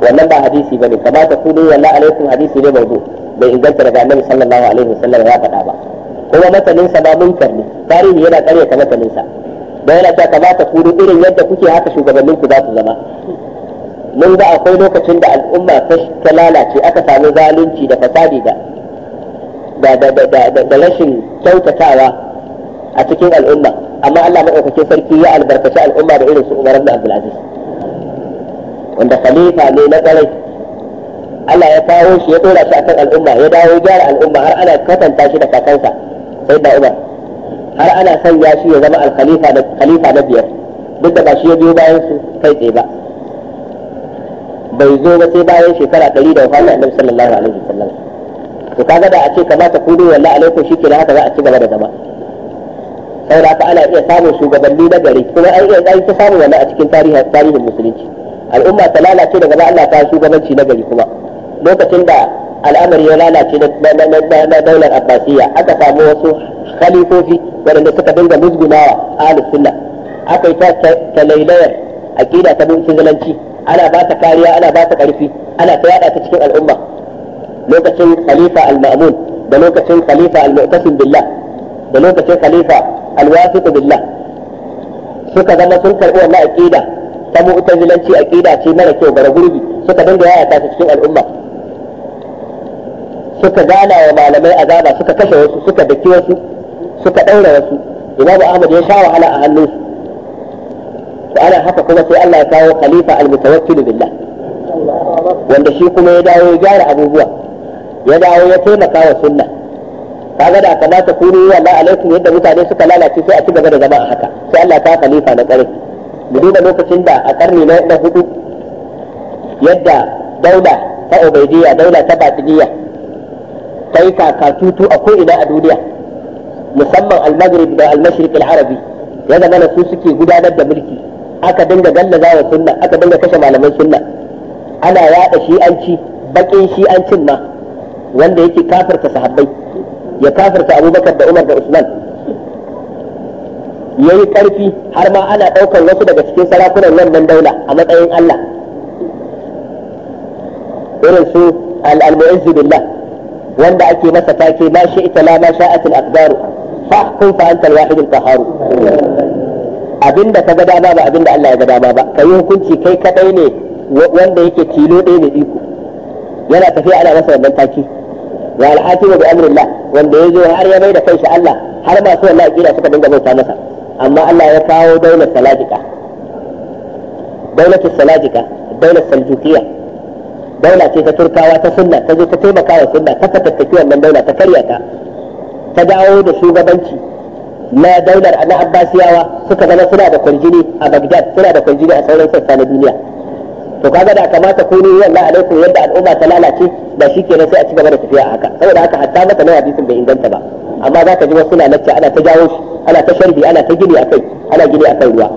wannan ba hadisi bane kamata kuno yi wallah alaikum hadisi ne mawdu bai inganta daga annabi sallallahu alaihi wasallam ya faɗa ba kuma matanin sa ba munkar ne tarihi yana ƙaryata matanin sa da yana ta kamata kuno irin yadda kuke haka shugabannin ku za su zama mun ga akwai lokacin da al'umma ta lalace aka sami zalunci da fasadi da rashin kyautatawa a cikin al'umma amma Allah maɗaukakin sarki ya albarkaci al'umma da irin su Umar ibn Abdul Aziz wanda khalifa ne na ƙwarai Allah ya kawo shi ya dora shi akan al'umma ya dawo gyara al'umma har ana kwatanta shi da kakansa sai da Umar har ana sanya shi ya zama al-khalifa na biyar duk da ba shi ya biyo bayan su kai tsaye ba bai zo ba sai bayan shekara ɗari da wafatin annabi sallallahu alaihi wasallam to kaga da a ce kamata ku dole wallahi alaikum shikenan haka za a ci gaba da gaba saboda haka ana iya samun shugabanni na gari kuma an iya ta samun wannan a cikin tarihin musulunci al'umma ta lalace daga ba Allah ta shugabanci na gari kuma lokacin da al'amari ya lalace na daular abbasiya aka samu wasu khalifofi waɗanda suka dinga musgunawa a sunna aka yi ta talailayar aqida ta mutunzalanci ana ba ta kariya ana ba ta karfi ana ta yada ta cikin al'umma lokacin khalifa al-ma'mun da lokacin khalifa al-mu'tasim billah da lokacin khalifa al-wafiq billah suka zama sun karbi wannan aqida ta mu'tazilanci aqida ce mara kyau bara gurbi suka dinga yaya ta cikin al'umma suka gana wa malamai azaba suka kashe wasu suka daki wasu suka daura wasu imamu ahmad ya sha wahala a hannunsu to ana haka kuma sai Allah ya kawo khalifa al-mutawakkil billah wanda shi kuma ya dawo ya gyara abubuwa ya dawo ya taimaka wa sunna kaga da kamata ku ne wallahi alaikum yadda mutane suka lalace sai a ci gaba da zama a haka sai Allah ta khalifa na kare mu duba lokacin da a karni na hudu yadda daula ta ubaidiyya daula ta batiniya ta yi kakatutu a ko'ina a duniya musamman al-maghrib da al-mashriq al-arabi ya zama su suke gudanar da mulki aka dinga gallaza wa sunna aka dinga kashe malaman sunna ana yada shi'anci bakin shi'ancin ma wanda yake kafirta sahabbai ya kafirta abubakar da umar da usman ya yi ƙarfi har ma ana ɗaukar wasu daga cikin sarakunan wannan daula a matsayin allah irin su al Billa, billah wanda ake masa take ma shi ita la ma sha'atul aqdaru fa kun fa antal wahidul Abin da ka ga dama ba abin da Allah ya ga dama ba kai hukunci kai kadai ne wanda yake tilo ɗaya da iko yana tafiya ana masa wannan taki wa al-hakimu bi amrillah wanda yazo har ya bai da kanshi Allah har masu wallahi kira suka dinga bauta masa amma Allah ya kawo daular salajika daulatul salajika daular saljukiya daula ce ta turkawa ta sunna ta zo ta taimaka wa sunna ta fatattaki wannan daula ta karya ta ta dawo da shugabanci na daular na abbasiyawa suka zama suna da kwarjini a bagdad suna da kwarjini a sauran sassa na duniya to kaga da kamata ku ne yalla alaikum yadda al'umma ta lalace da shi kenan sai a ci gaba da tafiya a haka saboda haka hatta mata na hadisin bai inganta ba amma za ka ji wasu na lacca ana ta jawo shi ana ta sharbi ana ta gini akai ana gini akan ruwa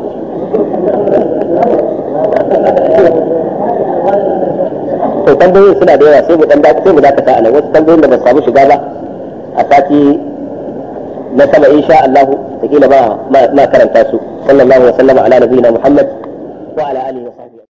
to tambayoyin suna da yawa sai mu dan sai mu dakata a nan wasu tambayoyin da ba samu shiga ba a sati na sama insha Allah ta kila ba ma karanta su sallallahu alaihi wa sallama ala nabiyina Muhammad wa ala alihi wa